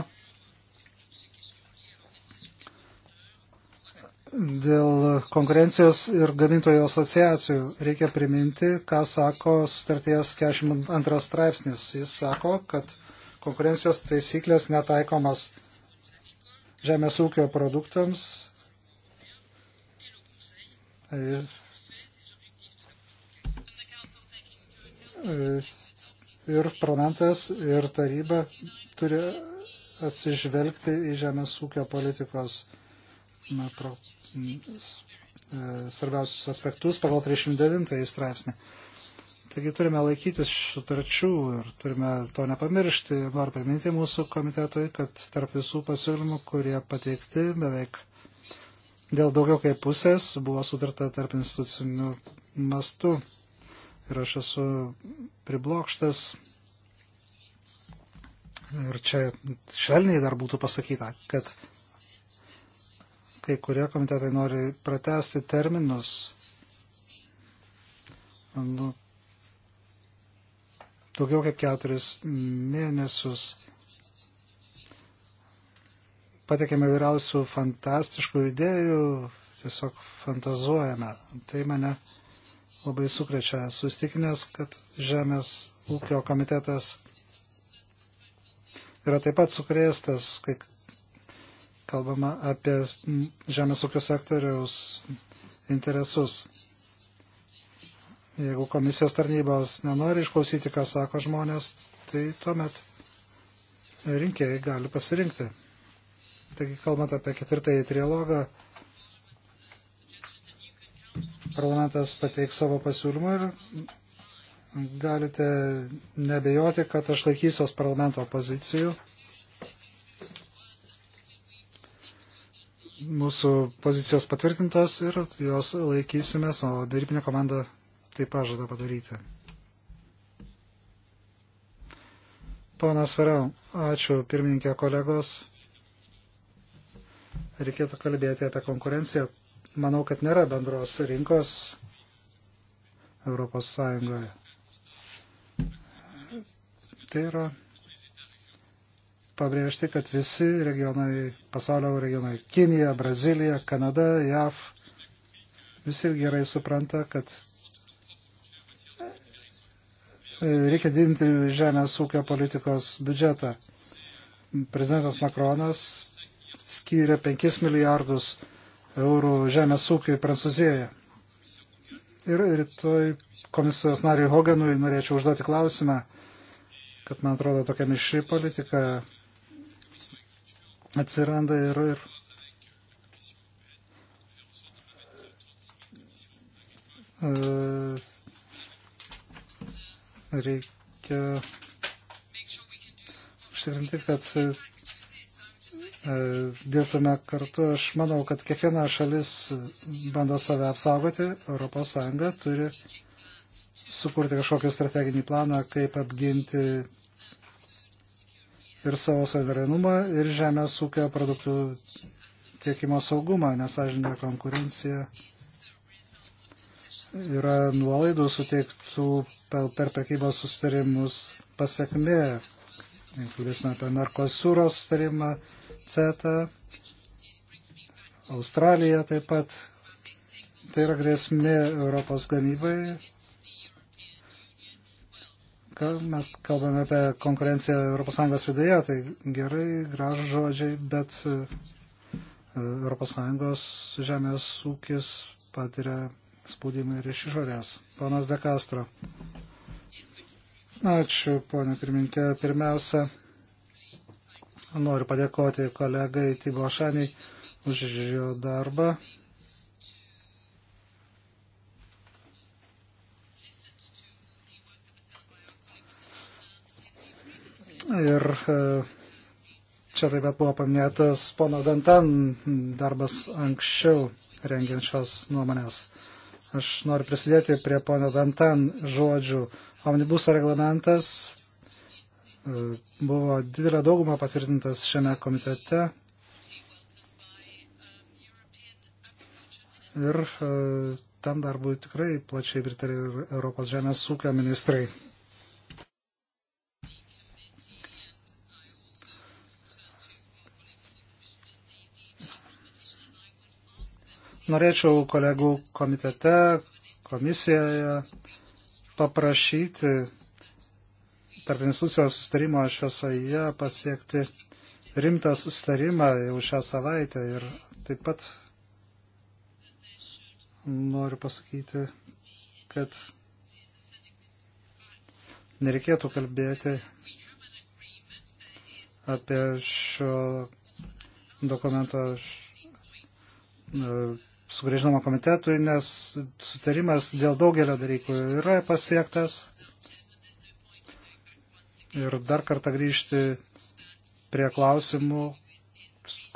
dėl konkurencijos ir gamintojų asociacijų. Reikia priminti, ką sako sutarties 42 straipsnis. Jis sako, kad konkurencijos taisyklės netaikomas žemės ūkio produktams ir parlamentas, ir taryba turi atsižvelgti į žemės ūkio politikos na, pro, e, svarbiausius aspektus pagal 39 straipsnį. Taigi turime laikytis sutarčių ir turime to nepamiršti. Noriu priminti mūsų komitetui, kad tarp visų pasiūlymų, kurie pateikti beveik dėl daugiau kaip pusės, buvo sutarta tarp institucinių mastų ir aš esu priblokštas. Ir čia švelniai dar būtų pasakyta, kad kai kurie komitetai nori pratesti terminus. Nu, daugiau kaip keturis mėnesius patekėme vyriausių fantastiškų idėjų, tiesiog fantazuojame. Tai mane labai sukrečia. Sustikinęs, kad Žemės ūkio komitetas yra taip pat sukrėstas, kai kalbama apie Žemės ūkio sektoriaus interesus. Jeigu komisijos tarnybos nenori išklausyti, ką sako žmonės, tai tuomet rinkėjai gali pasirinkti. Taigi, kalbant apie ketvirtąjį trilogą, parlamentas pateiks savo pasiūlymą ir galite nebejoti, kad aš laikysiuos parlamento pozicijų. Mūsų pozicijos patvirtintos ir jos laikysimės, o darybinė komanda tai pažada padaryti. Ponas Varau, ačiū pirmininkė kolegos. Reikėtų kalbėti apie konkurenciją manau, kad nėra bendros rinkos Europos Sąjungoje. Tai yra pabrėžti, kad visi regionai, pasaulio regionai, Kinija, Brazilija, Kanada, JAV, visi gerai supranta, kad reikia didinti žemės ūkio politikos biudžetą. Prezidentas Makronas skyrė 5 milijardus eurų eurų žemės ūkiai Prancūzijoje. Ir rytoj komisijos nariui Hoganui norėčiau užduoti klausimą, kad man atrodo tokia mišri politika atsiranda ir, ir e, reikia užtikrinti, kad E, dirbtume kartu. Aš manau, kad kiekviena šalis bando save apsaugoti, ES turi sukurti kažkokį strateginį planą, kaip apginti ir savo suverenumą, ir žemės ūkio produktų tiekimo saugumą, nesažinė konkurencija yra nuolaidų suteiktų per prekybos sustarimus pasiekmė. Kalbėsime apie Merkosūros sustarimą, CETA, Australija taip pat. Tai yra grėsmė Europos gamybai. Mes kalbame apie konkurenciją ES viduje, tai gerai, gražu žodžiai, bet ES žemės ūkis patiria spaudimą ir iš išorės. Ponas De Castro. Ačiū, ponė pirmininkė. Pirmiausia, Noriu padėkoti kolegai Tibošaniai už jo darbą. Ir e, čia taip pat buvo paminėtas pono Dantan darbas anksčiau rengiančios nuomonės. Aš noriu prisidėti prie pono Dantan žodžių. Omnibuso reglamentas buvo didelė dauguma patvirtintas šiame komitete. Ir e, tam darbui tikrai plačiai pritarė ir Europos žemės ūkio ministrai. Norėčiau kolegų komitete, komisijoje paprašyti tarp institucijos sustarimo šviesoje pasiekti rimtą sustarimą jau šią savaitę ir taip pat noriu pasakyti, kad nereikėtų kalbėti apie šio dokumento e, sugrįžinamą komitetui, nes sutarimas dėl daugelio dalykų yra pasiektas ir dar kartą grįžti prie klausimų,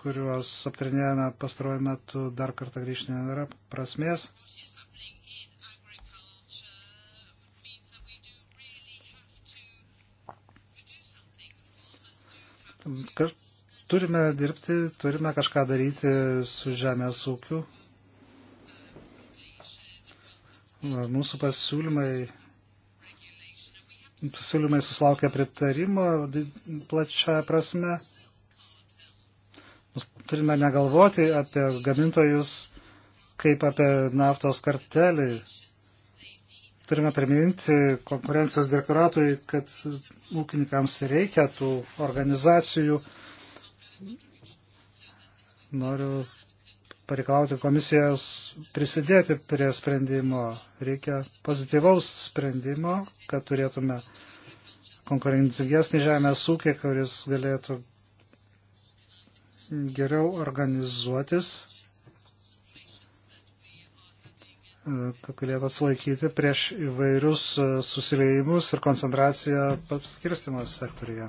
kuriuos aptarinėjame pastaruoju metu, dar kartą grįžti nėra prasmės. Turime dirbti, turime kažką daryti su žemės ūkiu. Mūsų pasiūlymai pasiūlymai susilaukia pritarimo plačia prasme. Mes turime negalvoti apie gamintojus kaip apie naftos kartelį. Turime priminti konkurencijos direktoratui, kad ūkininkams reikia tų organizacijų. Noriu pareikalauti komisijos prisidėti prie sprendimo. Reikia pozityvaus sprendimo, kad turėtume konkurencingesnį žemės ūkį, kuris galėtų geriau organizuotis, kad e, galėtų atsilaikyti prieš įvairius e, susiliejimus ir koncentraciją apskirstimo sektoriuje.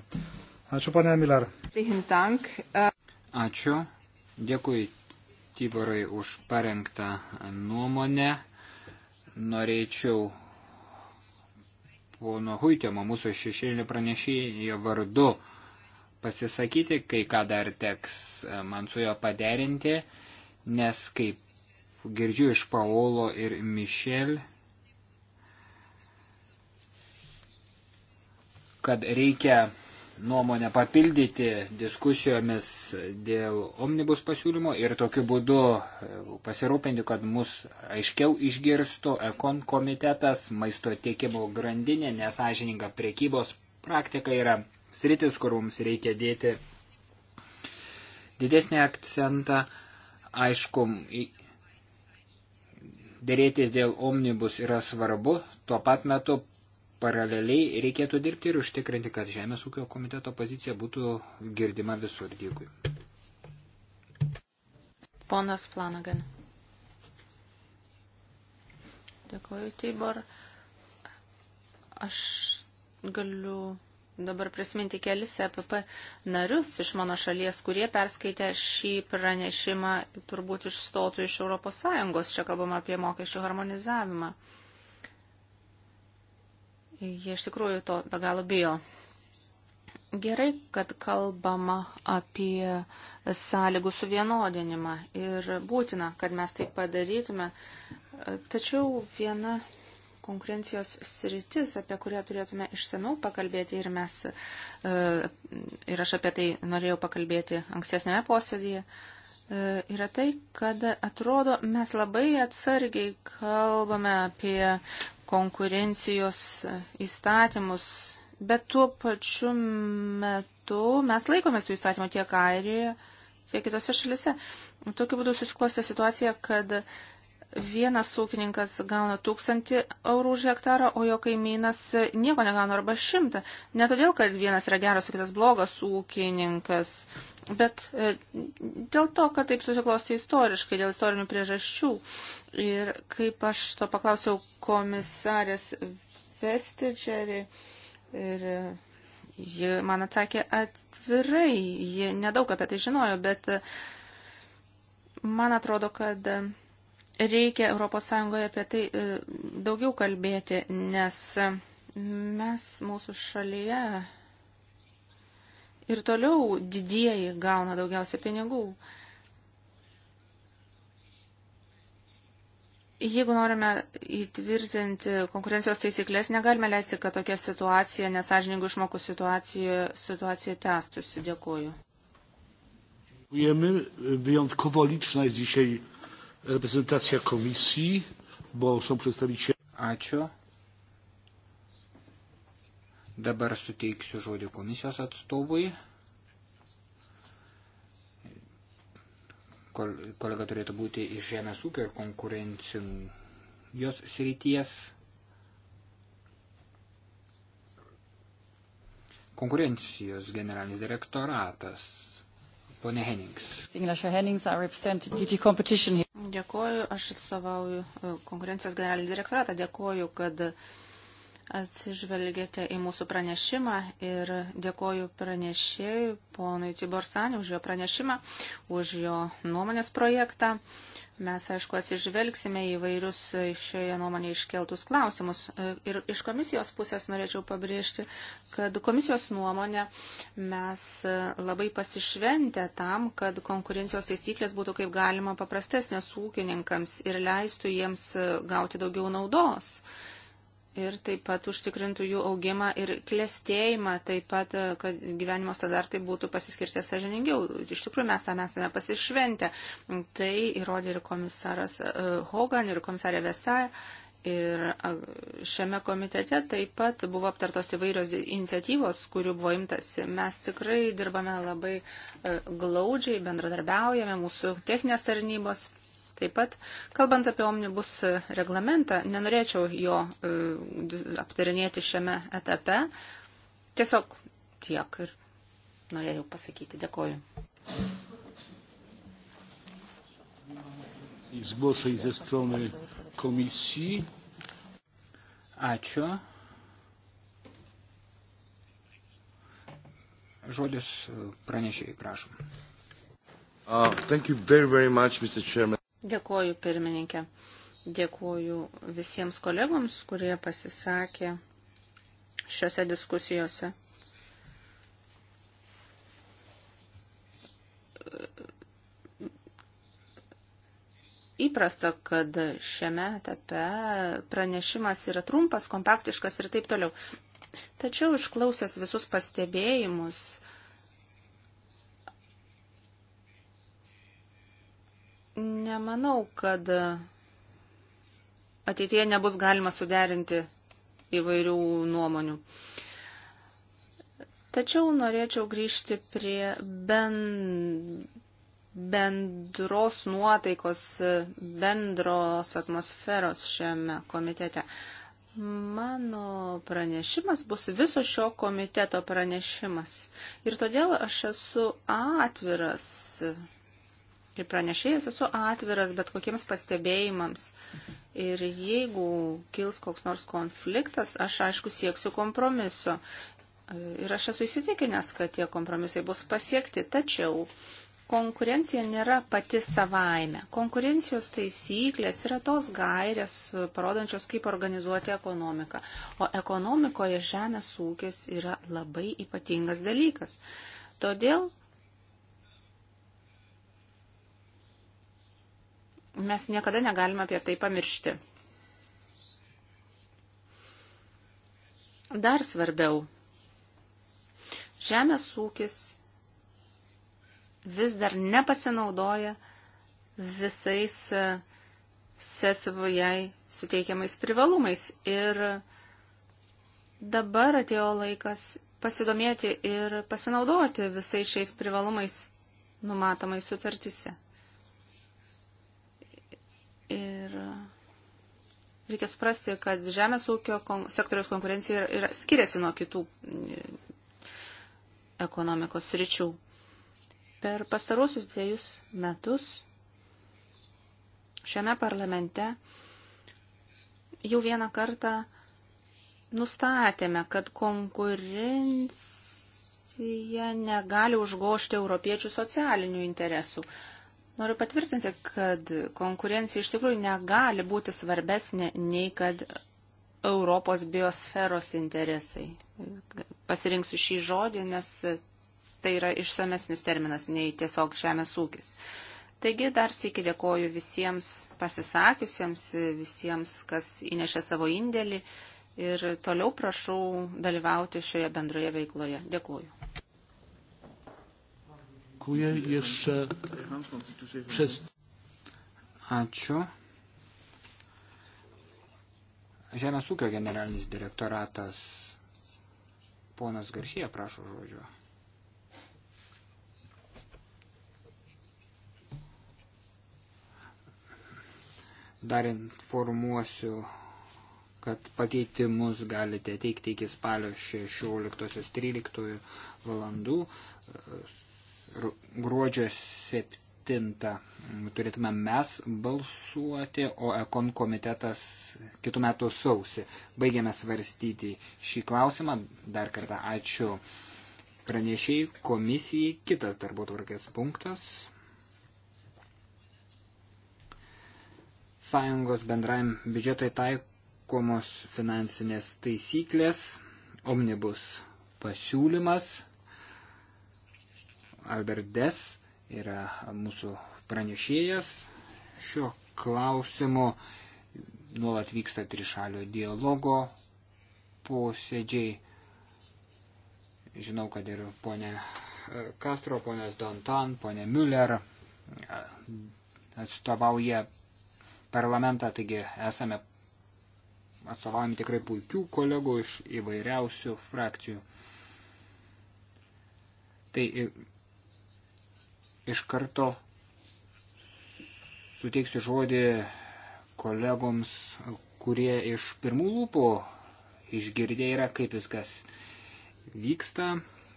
Ačiū, ponia Miller. Äh, Ačiū. Dėkui Tiborai už parengtą nuomonę. Norėčiau pono Huitėmo, mūsų šešėlinio pranešėjo vardu, pasisakyti, kai ką dar teks e, man su jo paderinti, nes kaip girdžiu iš Paolo ir Mišel, kad reikia nuomonę papildyti diskusijomis dėl omnibus pasiūlymo ir tokiu būdu e, pasirūpinti, kad mus aiškiau išgirstų ekon komitetas, maisto tiekimo grandinė, nesažininga priekybos praktika yra sritis, kur mums reikia dėti didesnį akcentą, aišku, dėrėtis dėl omnibus yra svarbu, tuo pat metu paraleliai reikėtų dirbti ir užtikrinti, kad Žemės ūkio komiteto pozicija būtų girdima visur. Dėkui. Ponas Flanagan. Dėkuoju, Tibor. Aš galiu dabar prisiminti kelis EPP narius iš mano šalies, kurie perskaitę šį pranešimą turbūt išstotų iš ES. Čia kalbama apie mokesčių harmonizavimą. Jie iš tikrųjų to be galo bijo. Gerai, kad kalbama apie sąlygų suvienodinimą ir būtina, kad mes tai padarytume. Tačiau viena konkurencijos sritis, apie kurią turėtume išsameu pakalbėti ir mes, e, ir aš apie tai norėjau pakalbėti ankstesnėme posėdėje, e, yra tai, kad atrodo mes labai atsargiai kalbame apie konkurencijos įstatymus, bet tuo pačiu metu mes laikomės tų įstatymų tiek Airijoje, tiek kitose šalise. Tokiu būdu susiklostė situacija, kad vienas ūkininkas gauna tūkstantį eurų už hektarą, o jo kaimynas nieko negauna arba šimtą. Ne todėl, kad vienas yra geras, o kitas blogas ūkininkas, bet e, dėl to, kad taip susiklosti istoriškai, dėl istorinių priežasčių. Ir kaip aš to paklausiau komisarės Vestidžerį ir e, Ji man atsakė atvirai, ji nedaug apie tai žinojo, bet e, man atrodo, kad reikia ES apie tai e, daugiau kalbėti, nes mes mūsų šalyje ir toliau didieji gauna daugiausia pinigų. Jeigu norime įtvirtinti konkurencijos taisyklės, negalime leisti, kad tokia situacija, nesažiningų išmokų situacija, situacija tęstusi. Dėkuoju. Dziękujemy. Wyjątkowo liczna jest dzisiaj reprezentacja komisji, bo są przedstawiciele. Ačiū. Dabar suteiksiu žodį komisijos atstovui. Kolega turėtų būti iš žemės ūkio ir konkurencijos srities. Konkurencijos generalinis direktoratas Pone Hennings. Dėkoju, aš atstovauju e, konkurencijos generalinį direktoratą. Dėkoju, kad uh, atsižvelgėte į mūsų pranešimą ir dėkoju pranešėjui, ponui Tiborsaniu, už jo pranešimą, už jo nuomonės projektą. Mes, aišku, atsižvelgsime į vairius šioje nuomonė iškeltus klausimus. Ir iš komisijos pusės norėčiau pabrėžti, kad komisijos nuomonė mes labai pasišventę tam, kad konkurencijos taisyklės būtų kaip galima paprastesnės ūkininkams ir leistų jiems gauti daugiau naudos ir taip pat užtikrintų jų augimą ir klėstėjimą, taip pat, e, kad gyvenimo standartai būtų pasiskirstę sažiningiau. Iš tikrųjų, mes tam esame pasišventę. Tai įrodė ir komisaras e, Hogan, ir komisarė Vestaja. Ir e, šiame komitete taip pat buvo aptartos įvairios iniciatyvos, kurių buvo imtasi. Mes tikrai dirbame labai glaudžiai, bendradarbiaujame mūsų techninės tarnybos Taip pat, kalbant apie omnibus reglamentą, nenorėčiau jo e, aptarinėti šiame etape. Tiesiog tiek ir norėjau pasakyti. Dėkoju. Zgłoszeń ze strony komisji. Ačiū. Žodis pranešėjai, prašom. Uh, thank you very, very much, Mr. Chairman. Dėkuoju pirmininkė. Dėkuoju visiems kolegoms, kurie pasisakė šiuose diskusijose. Įprasta, kad šiame etape pranešimas yra trumpas, kompaktiškas ir taip toliau. Tačiau išklausęs visus pastebėjimus Nemanau, kad ateityje nebus galima suderinti įvairių nuomonių. Tačiau norėčiau grįžti prie ben, bendros nuotaikos, bendros atmosferos šiame komitete. Mano pranešimas bus viso šio komiteto pranešimas. Ir todėl aš esu atviras Kaip pranešėjas esu atviras bet kokiems pastebėjimams. Ir jeigu kils koks nors konfliktas, aš aišku sieksiu kompromiso. Ir aš esu įsitikinęs, kad tie kompromisai bus pasiekti. Tačiau konkurencija nėra pati savaime. Konkurencijos taisyklės yra tos gairės, parodančios, kaip organizuoti ekonomiką. O ekonomikoje žemės ūkis yra labai ypatingas dalykas. Todėl Mes niekada negalime apie tai pamiršti. Dar svarbiau, žemės ūkis vis dar nepasinaudoja visais e, sesvojai suteikiamais privalumais. Ir dabar atėjo laikas pasidomėti ir pasinaudoti visais šiais privalumais numatomai sutartise. Ir reikia suprasti, kad žemės ūkio sektoriaus konkurencija yra, yra, skiriasi nuo kitų mm, ekonomikos ryčių. Per pastarosius dviejus metus šiame parlamente jau vieną kartą nustatėme, kad konkurencija negali užgošti europiečių socialinių interesų. Noriu patvirtinti, kad konkurencija iš tikrųjų negali būti svarbesnė nei kad Europos biosferos interesai. Pasirinksiu šį žodį, nes tai yra išsamesnis terminas nei tiesiog žemės ūkis. Taigi dar sėki dėkoju visiems pasisakiusiems, visiems, kas įnešė savo indėlį ir toliau prašau dalyvauti šioje bendroje veikloje. Dėkoju. Dziękuję. Jeszcze przez... Ačiū. Žemės ūkio generalinis direktoratas ponas Garšyje prašo žodžio. Dar informuosiu, kad pakeitimus galite teikti iki spalio 16.13 valandų gruodžio 7 turėtume mes balsuoti, o ekon komitetas kitų metų sausi. Baigėme svarstyti šį klausimą. Dar kartą ačiū pranešiai komisijai. Kitas darbo tvarkės punktas. Sąjungos bendraim biudžetai taikomos finansinės taisyklės, omnibus pasiūlymas Alberdes yra mūsų pranešėjas šio klausimu. Nuolat vyksta trišalio dialogo posėdžiai. Žinau, kad ir ponė e, Castro, ponės Dantan, ponė Müller e, atstovauja parlamentą, taigi esame atstovaujami tikrai puikių kolegų iš įvairiausių frakcijų. Tai Iš karto suteiksiu žodį kolegoms, kurie iš pirmų lūpų išgirdę yra, kaip viskas vyksta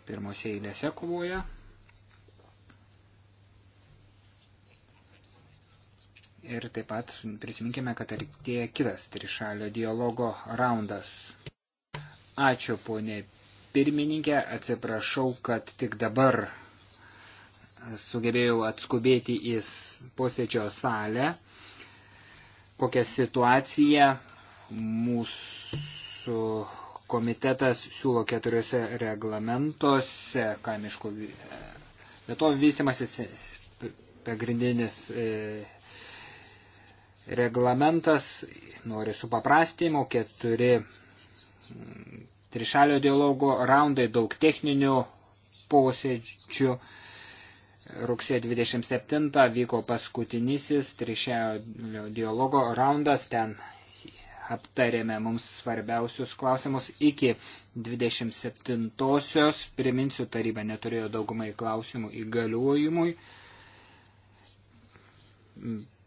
pirmose eilėse kovoje. Ir taip pat prisiminkime, kad artėja kitas trišalio dialogo raundas. Ačiū, ponė pirmininkė, atsiprašau, kad tik dabar sugebėjau atskubėti į posėdžio salę, kokią situaciją mūsų komitetas siūlo keturiose reglamentuose, kaimiškų e, vietovių vystimasis e, pagrindinis e, reglamentas nori supaprastymų, keturi trišalio dialogo raundai, daug techninių posėdžių, Rugsėjo 27 vyko paskutinisis trišelio dialogo raundas, ten aptarėme mums svarbiausius klausimus. Iki 27-osios, priminsiu, taryba neturėjo daugumai klausimų įgaliuojimui.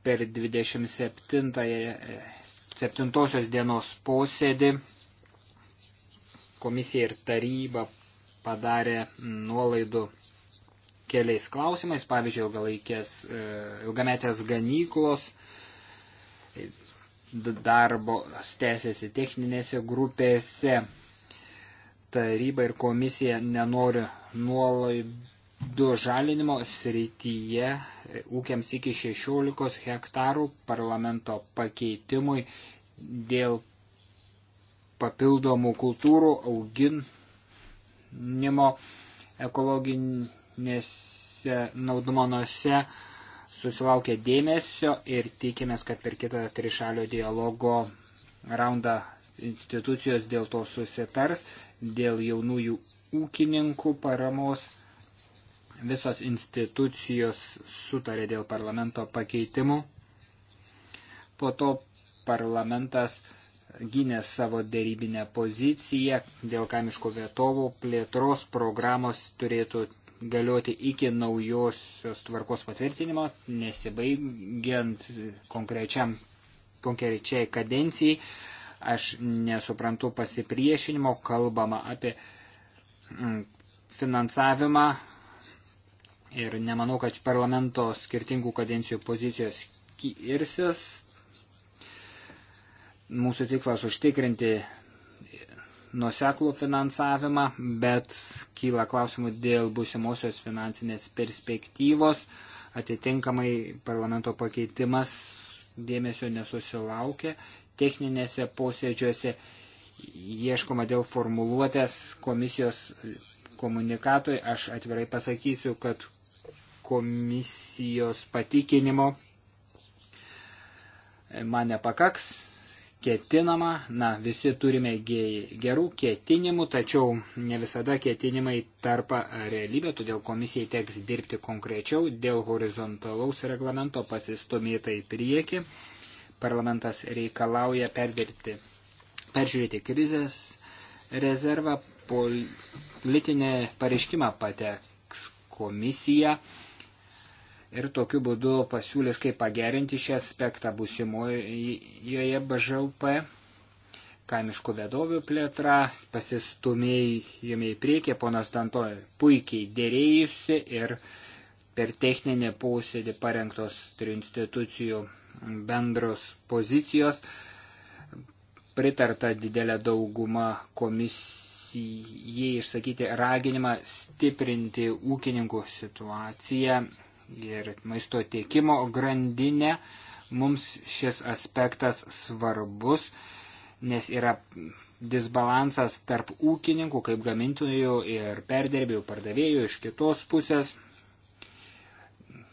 Per 27-osios dienos posėdį komisija ir taryba padarė nuolaidų keliais klausimais, pavyzdžiui, ilgalaikės, e, ilgametės ganyklos, e, darbo stęsiasi techninėse grupėse, taryba ir komisija nenori nuolaidų žalinimo srityje e, ūkiams iki 16 hektarų parlamento pakeitimui dėl papildomų kultūrų auginimo ekologin, E, naudmonose susilaukė dėmesio ir tikimės, kad per kitą trišalio dialogo raundą institucijos dėl to susitars, dėl jaunųjų ūkininkų paramos visos institucijos sutarė dėl parlamento pakeitimų. Po to parlamentas gynė savo dėrybinę poziciją dėl kamiškų vietovų plėtros programos turėtų galioti iki naujosios tvarkos patvirtinimo, nesibaigiant konkrečiam, konkrečiai kadencijai. Aš nesuprantu pasipriešinimo, kalbama apie mm, finansavimą ir nemanau, kad parlamento skirtingų kadencijų pozicijos irsis. Mūsų tikslas užtikrinti nuseklų finansavimą, bet kyla klausimų dėl būsimosios finansinės perspektyvos. Atitinkamai parlamento pakeitimas dėmesio nesusilaukė. Techninėse posėdžiuose ieškoma dėl formuluotės komisijos komunikatui. Aš atvirai pasakysiu, kad komisijos patikinimo man nepakaks ketinama, na, visi turime gerų ketinimų, tačiau ne visada ketinimai tarpa realybė, todėl komisijai teks dirbti konkrečiau, dėl horizontalaus reglamento pasistumėta į priekį. Parlamentas reikalauja perdirbti, peržiūrėti krizės rezervą, politinę pareiškimą pateks komisija ir tokiu būdu pasiūlys, kaip pagerinti šį aspektą būsimojoje BŽLP, kaimiškų vedovių plėtra, pasistumėjimai į priekį, ponas Dantoje puikiai dėrėjusi ir per techninį posėdį parengtos trijų institucijų bendros pozicijos, pritarta didelė dauguma komisijai išsakyti raginimą stiprinti ūkininkų situaciją ir maisto tiekimo grandinę. Mums šis aspektas svarbus, nes yra disbalansas tarp ūkininkų kaip gamintojų ir perdirbėjų pardavėjų iš kitos pusės.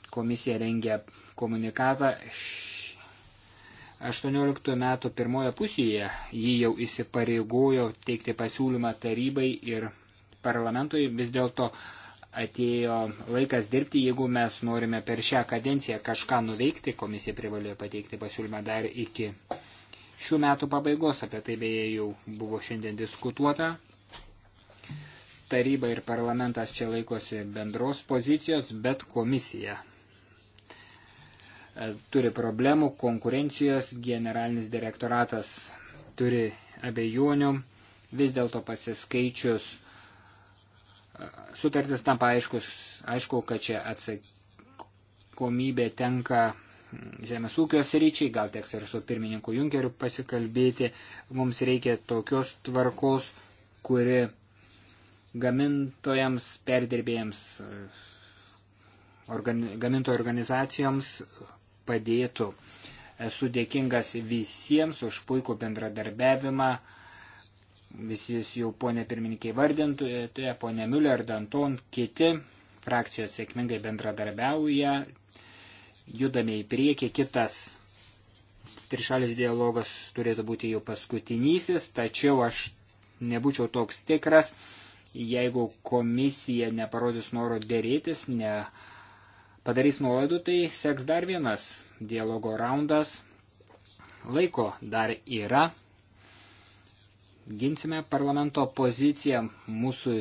Komisija rengia komunikatą 18 metų pirmoje pusėje jį jau įsipareigojo teikti pasiūlymą tarybai ir parlamentui. Vis dėlto uh, atėjo laikas dirbti, jeigu mes norime per šią kadenciją kažką nuveikti, komisija privalėjo pateikti pasiūlymą dar iki šių metų pabaigos, apie tai beje jau buvo šiandien diskutuota. Taryba ir parlamentas čia laikosi bendros pozicijos, bet komisija e, turi problemų, konkurencijos generalinis direktoratas turi abejonių, vis dėlto pasiskaičius sutartis tampa aiškus, aišku, kad čia atsakomybė tenka žemės ūkio sryčiai, gal teks ir su pirmininku Junkeriu pasikalbėti, mums reikia tokios tvarkos, kuri gamintojams, perdirbėjams, organi, gamintojų organizacijoms padėtų. Esu dėkingas visiems už puikų bendradarbiavimą visi jūs jau ponė pirmininkai vardintumėte, ponė Müller, Danton, kiti frakcijos sėkmingai bendradarbiauja, judame į priekį, kitas trišalis dialogas turėtų būti jau paskutinysis, tačiau aš nebūčiau toks tikras, jeigu komisija neparodys noro dėrėtis, ne padarys nuolaidų, tai seks dar vienas dialogo raundas. Laiko dar yra, Ginsime parlamento poziciją, mūsų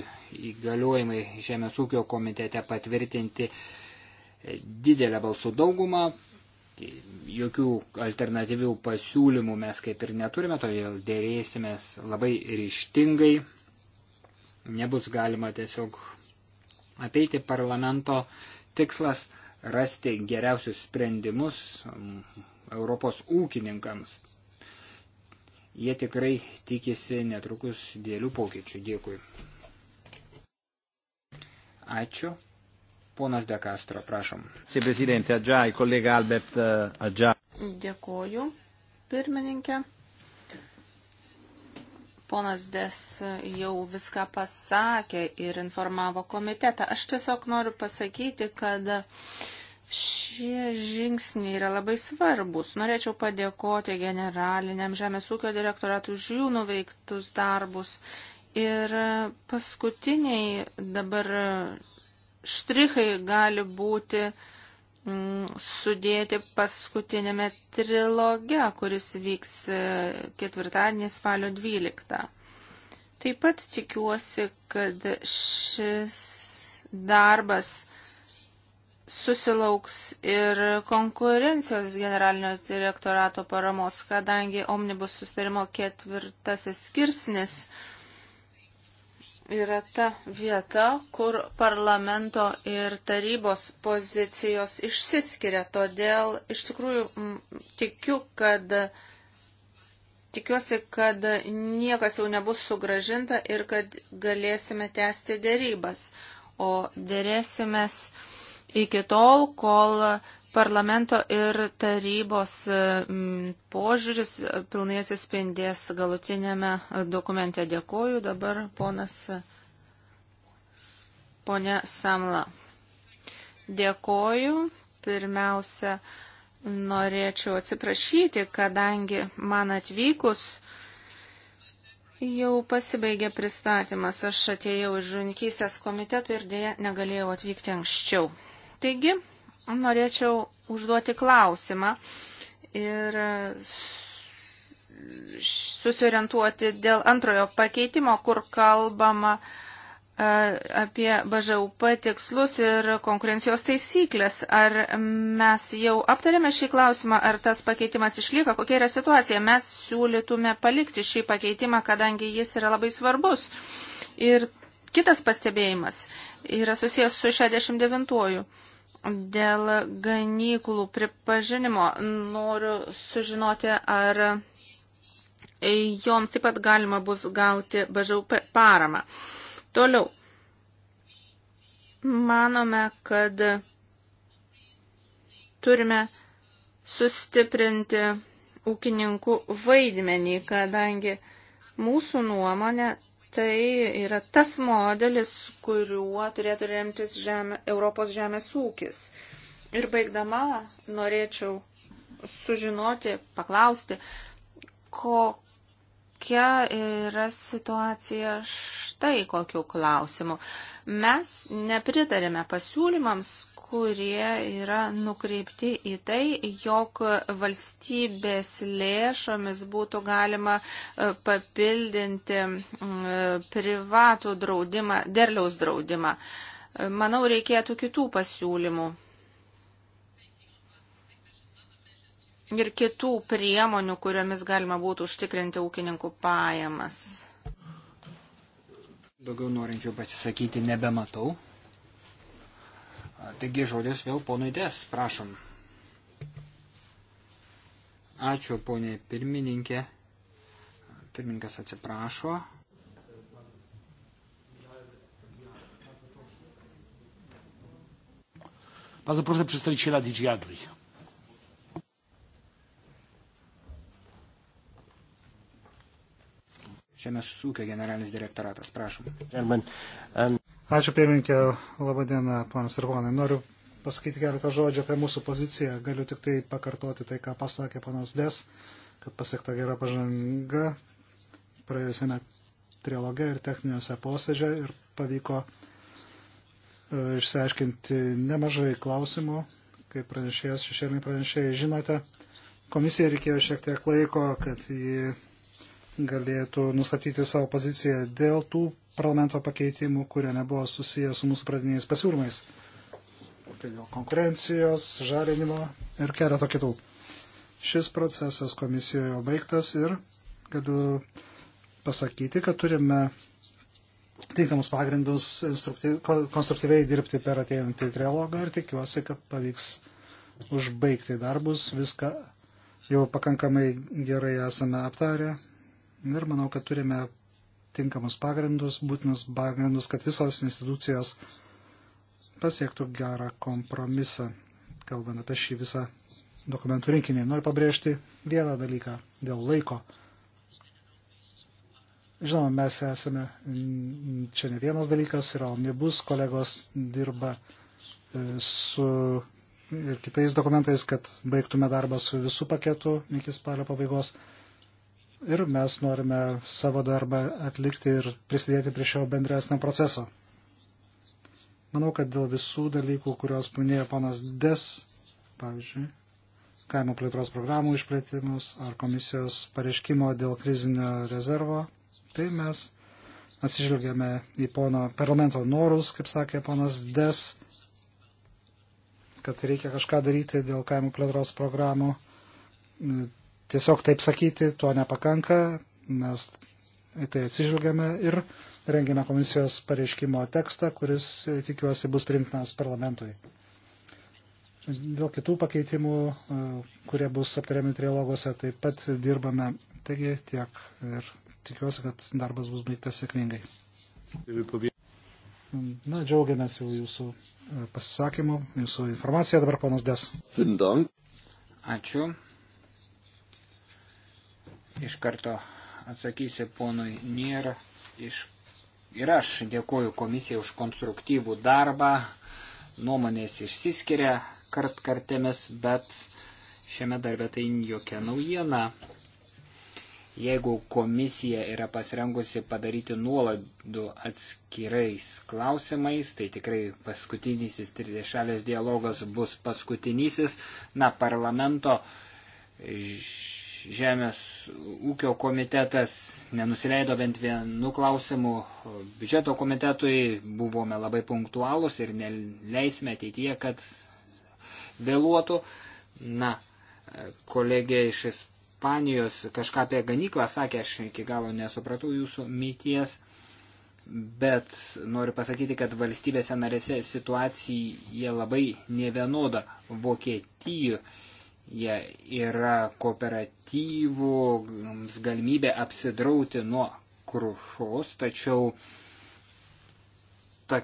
įgaliojimai Žemės ūkio komitete patvirtinti didelę balsų daugumą, tai jokių alternatyvių pasiūlymų mes kaip ir neturime, todėl dėrėsimės labai ryštingai, nebus galima tiesiog apeiti parlamento tikslas rasti geriausius sprendimus mm, Europos ūkininkams. Jie tikrai tikisi netrukus dėlių pokyčių. Dėkui. Ačiū. Ponas De Castro, prašom. Eh, Dėkuoju, pirmininkė. Ponas Des jau viską pasakė ir informavo komitetą. Aš tiesiog noriu pasakyti, kad uh, Šie žingsniai yra labai svarbus. Norėčiau padėkoti generaliniam Žemės ūkio direktoratui už jų nuveiktus darbus. Ir paskutiniai dabar štrichai gali būti mm, sudėti paskutinėme triloge, kuris vyks e, ketvirtadienį spalio 12. Taip pat tikiuosi, kad šis darbas susilauks ir konkurencijos generalinio direktorato paramos, kadangi omnibus sustarimo ketvirtasis skirsnis yra ta vieta, kur parlamento ir tarybos pozicijos išsiskiria. Todėl iš tikrųjų m, tikiu, kad tikiuosi, kad niekas jau nebus sugražinta ir kad galėsime tęsti dėrybas. O dėrėsimės. mes iki tol, kol parlamento ir tarybos mm, požiūris pilnai atsispindės galutinėme dokumente. Dėkoju dabar ponas, ponė Samla. Dėkoju. Pirmiausia, norėčiau atsiprašyti, kadangi man atvykus Jau pasibaigė pristatymas. Aš atėjau iš žunkystės komiteto ir dėja negalėjau atvykti anksčiau. Taigi, norėčiau užduoti klausimą ir susiorientuoti dėl antrojo pakeitimo, kur kalbama e, apie BŽUP tikslus ir konkurencijos taisyklės. Ar mes jau aptarėme šį klausimą, ar tas pakeitimas išlieka, kokia yra situacija? Mes siūlytume palikti šį pakeitimą, kadangi jis yra labai svarbus. Ir Kitas pastebėjimas yra susijęs su 69-uoju. Dėl ganyklų pripažinimo noriu sužinoti, ar joms taip pat galima bus gauti bažiau paramą. Toliau. Manome, kad turime sustiprinti ūkininkų vaidmenį, kadangi mūsų nuomonė tai yra tas modelis, kuriuo turėtų remtis žemė, Europos žemės ūkis. Ir baigdama norėčiau sužinoti, paklausti, ko, kokia yra situacija štai kokiu klausimu. Mes nepritarėme pasiūlymams, kurie yra nukreipti į tai, jog valstybės lėšomis būtų galima e, papildinti e, privatų draudimą, derliaus draudimą. E, manau, reikėtų kitų pasiūlymų. ir kitų priemonių, kuriomis galima būtų užtikrinti ūkininkų pajamas. Daugiau norinčių pasisakyti nebematau. Taigi žodis vėl ponui Des, prašom. Ačiū, ponė pirmininkė. Pirmininkas atsiprašo. Bardzo proszę przedstawiciela DG Agri. Žemės ūkio generalinis direktoratas. Prašom. Ačiū pirmininkė, laba diena, ponas ir ponai. Noriu pasakyti keletą žodžių apie mūsų poziciją. Galiu tik tai pakartoti tai, ką pasakė ponas Des, kad pasiekta gera pažanga praėjusiame trilogė ir techniniuose posėdžio ir pavyko e, išsiaiškinti nemažai klausimų, kaip pranešėjas, šešėliniai pranešėjai žinote. Komisija reikėjo šiek tiek laiko, kad jį galėtų nustatyti savo poziciją dėl tų parlamento pakeitimų, kurie nebuvo susiję su mūsų pradiniais pasiūlymais. Tai dėl konkurencijos, žalinimo ir keleto kitų. Šis procesas komisijoje jau baigtas ir galiu pasakyti, kad turime tinkamus pagrindus konstruktyviai dirbti per ateinantį trilogą ir tikiuosi, kad pavyks užbaigti darbus, viską jau pakankamai gerai esame aptarę Ir manau, kad turime tinkamus pagrindus, būtinus pagrindus, kad visos institucijos pasiektų gerą kompromisą, kalbant apie šį visą dokumentų rinkinį. Noriu pabrėžti vieną dalyką dėl laiko. Žinoma, mes esame, čia ne vienas dalykas yra omnibus, kolegos dirba e, su ir kitais dokumentais, kad baigtume darbą su visų paketu iki spalio pabaigos ir mes norime savo darbą atlikti ir prisidėti prie šio bendresnio proceso. Manau, kad dėl visų dalykų, kuriuos paminėjo panas Des, pavyzdžiui, kaimo plėtros programų išplėtimus ar komisijos pareiškimo dėl krizinio rezervo, tai mes atsižvelgiame į pono parlamento norus, kaip sakė ponas Des, kad reikia kažką daryti dėl kaimo plėtros programų Tiesiog taip sakyti to nepakanka, mes į tai atsižvelgiame ir rengiame komisijos pareiškimo tekstą, kuris e, tikiuosi bus priimtinas parlamentui. Dėl kitų pakeitimų, e, kurie bus aptariami trilogose, taip pat dirbame. Taigi tiek ir tikiuosi, kad darbas bus baigtas sėkmingai. Na, džiaugiamės jau jūsų e, pasisakymu, jūsų informacija dabar, ponas Des. Ačiū. Iš karto atsakysiu ponui Nier. Iš, ir aš dėkuoju komisijai už konstruktyvų darbą. Nuomonės išsiskiria kart kartėmis, bet šiame darbe tai jokia naujiena. Jeigu komisija yra pasirengusi padaryti nuolaidų atskirais klausimais, tai tikrai paskutinysis tridiešalės dialogas bus paskutinysis. Na, parlamento Žemės ūkio komitetas nenusileido bent vienu klausimu. Biudžeto komitetui buvome labai punktualūs ir neleisime ateityje, kad vėluotų. Na, kolegė iš Ispanijos kažką apie ganyklą sakė, aš iki galo nesupratau jūsų myties, bet noriu pasakyti, kad valstybėse narėse situacija labai nevienoda. Vokietijoje jie yra kooperatyvų galimybė apsidrauti nuo krušos, tačiau ta,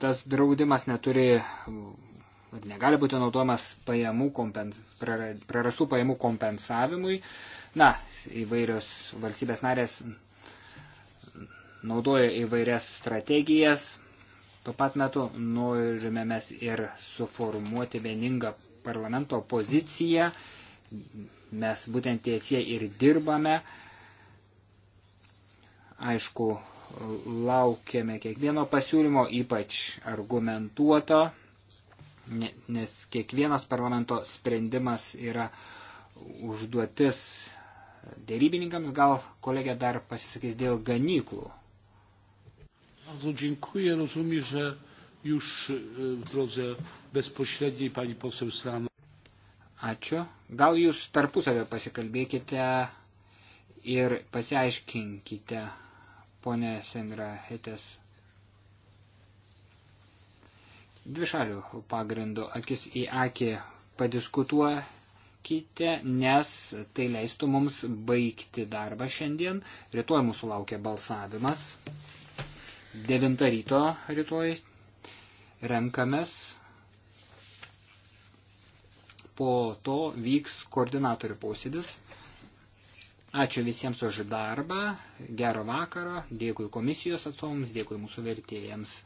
tas draudimas neturi, negali būti naudojamas pajamų kompens, prarasų pajamų kompensavimui. Na, įvairios valstybės narės naudoja įvairias strategijas. Tuo pat metu norime mes ir suformuoti vieningą parlamento poziciją. Mes būtent tiesie ir dirbame. Aišku, laukiame kiekvieno pasiūlymo, ypač argumentuoto, nes kiekvienas parlamento sprendimas yra užduotis dėrybininkams. Gal kolegė dar pasisakys dėl ganyklų. Bardzo dziękuję. Rozumiem, że już e, w drodze bezpośredniej pani poseł Slano. Ačiū. Gal jūs tarpusavio pasikalbėkite ir pasiaiškinkite, ponė Sendra Hetės. Dvišalių pagrindų akis į akį padiskutuokite, nes tai leistų mums baigti darbą šiandien. Rytoj mūsų laukia balsavimas. 9 ryto rytoj renkamės po to vyks koordinatorių posėdis. Ačiū visiems už darbą, gero vakaro, dėkui komisijos atsovams, dėkui mūsų vertėjams.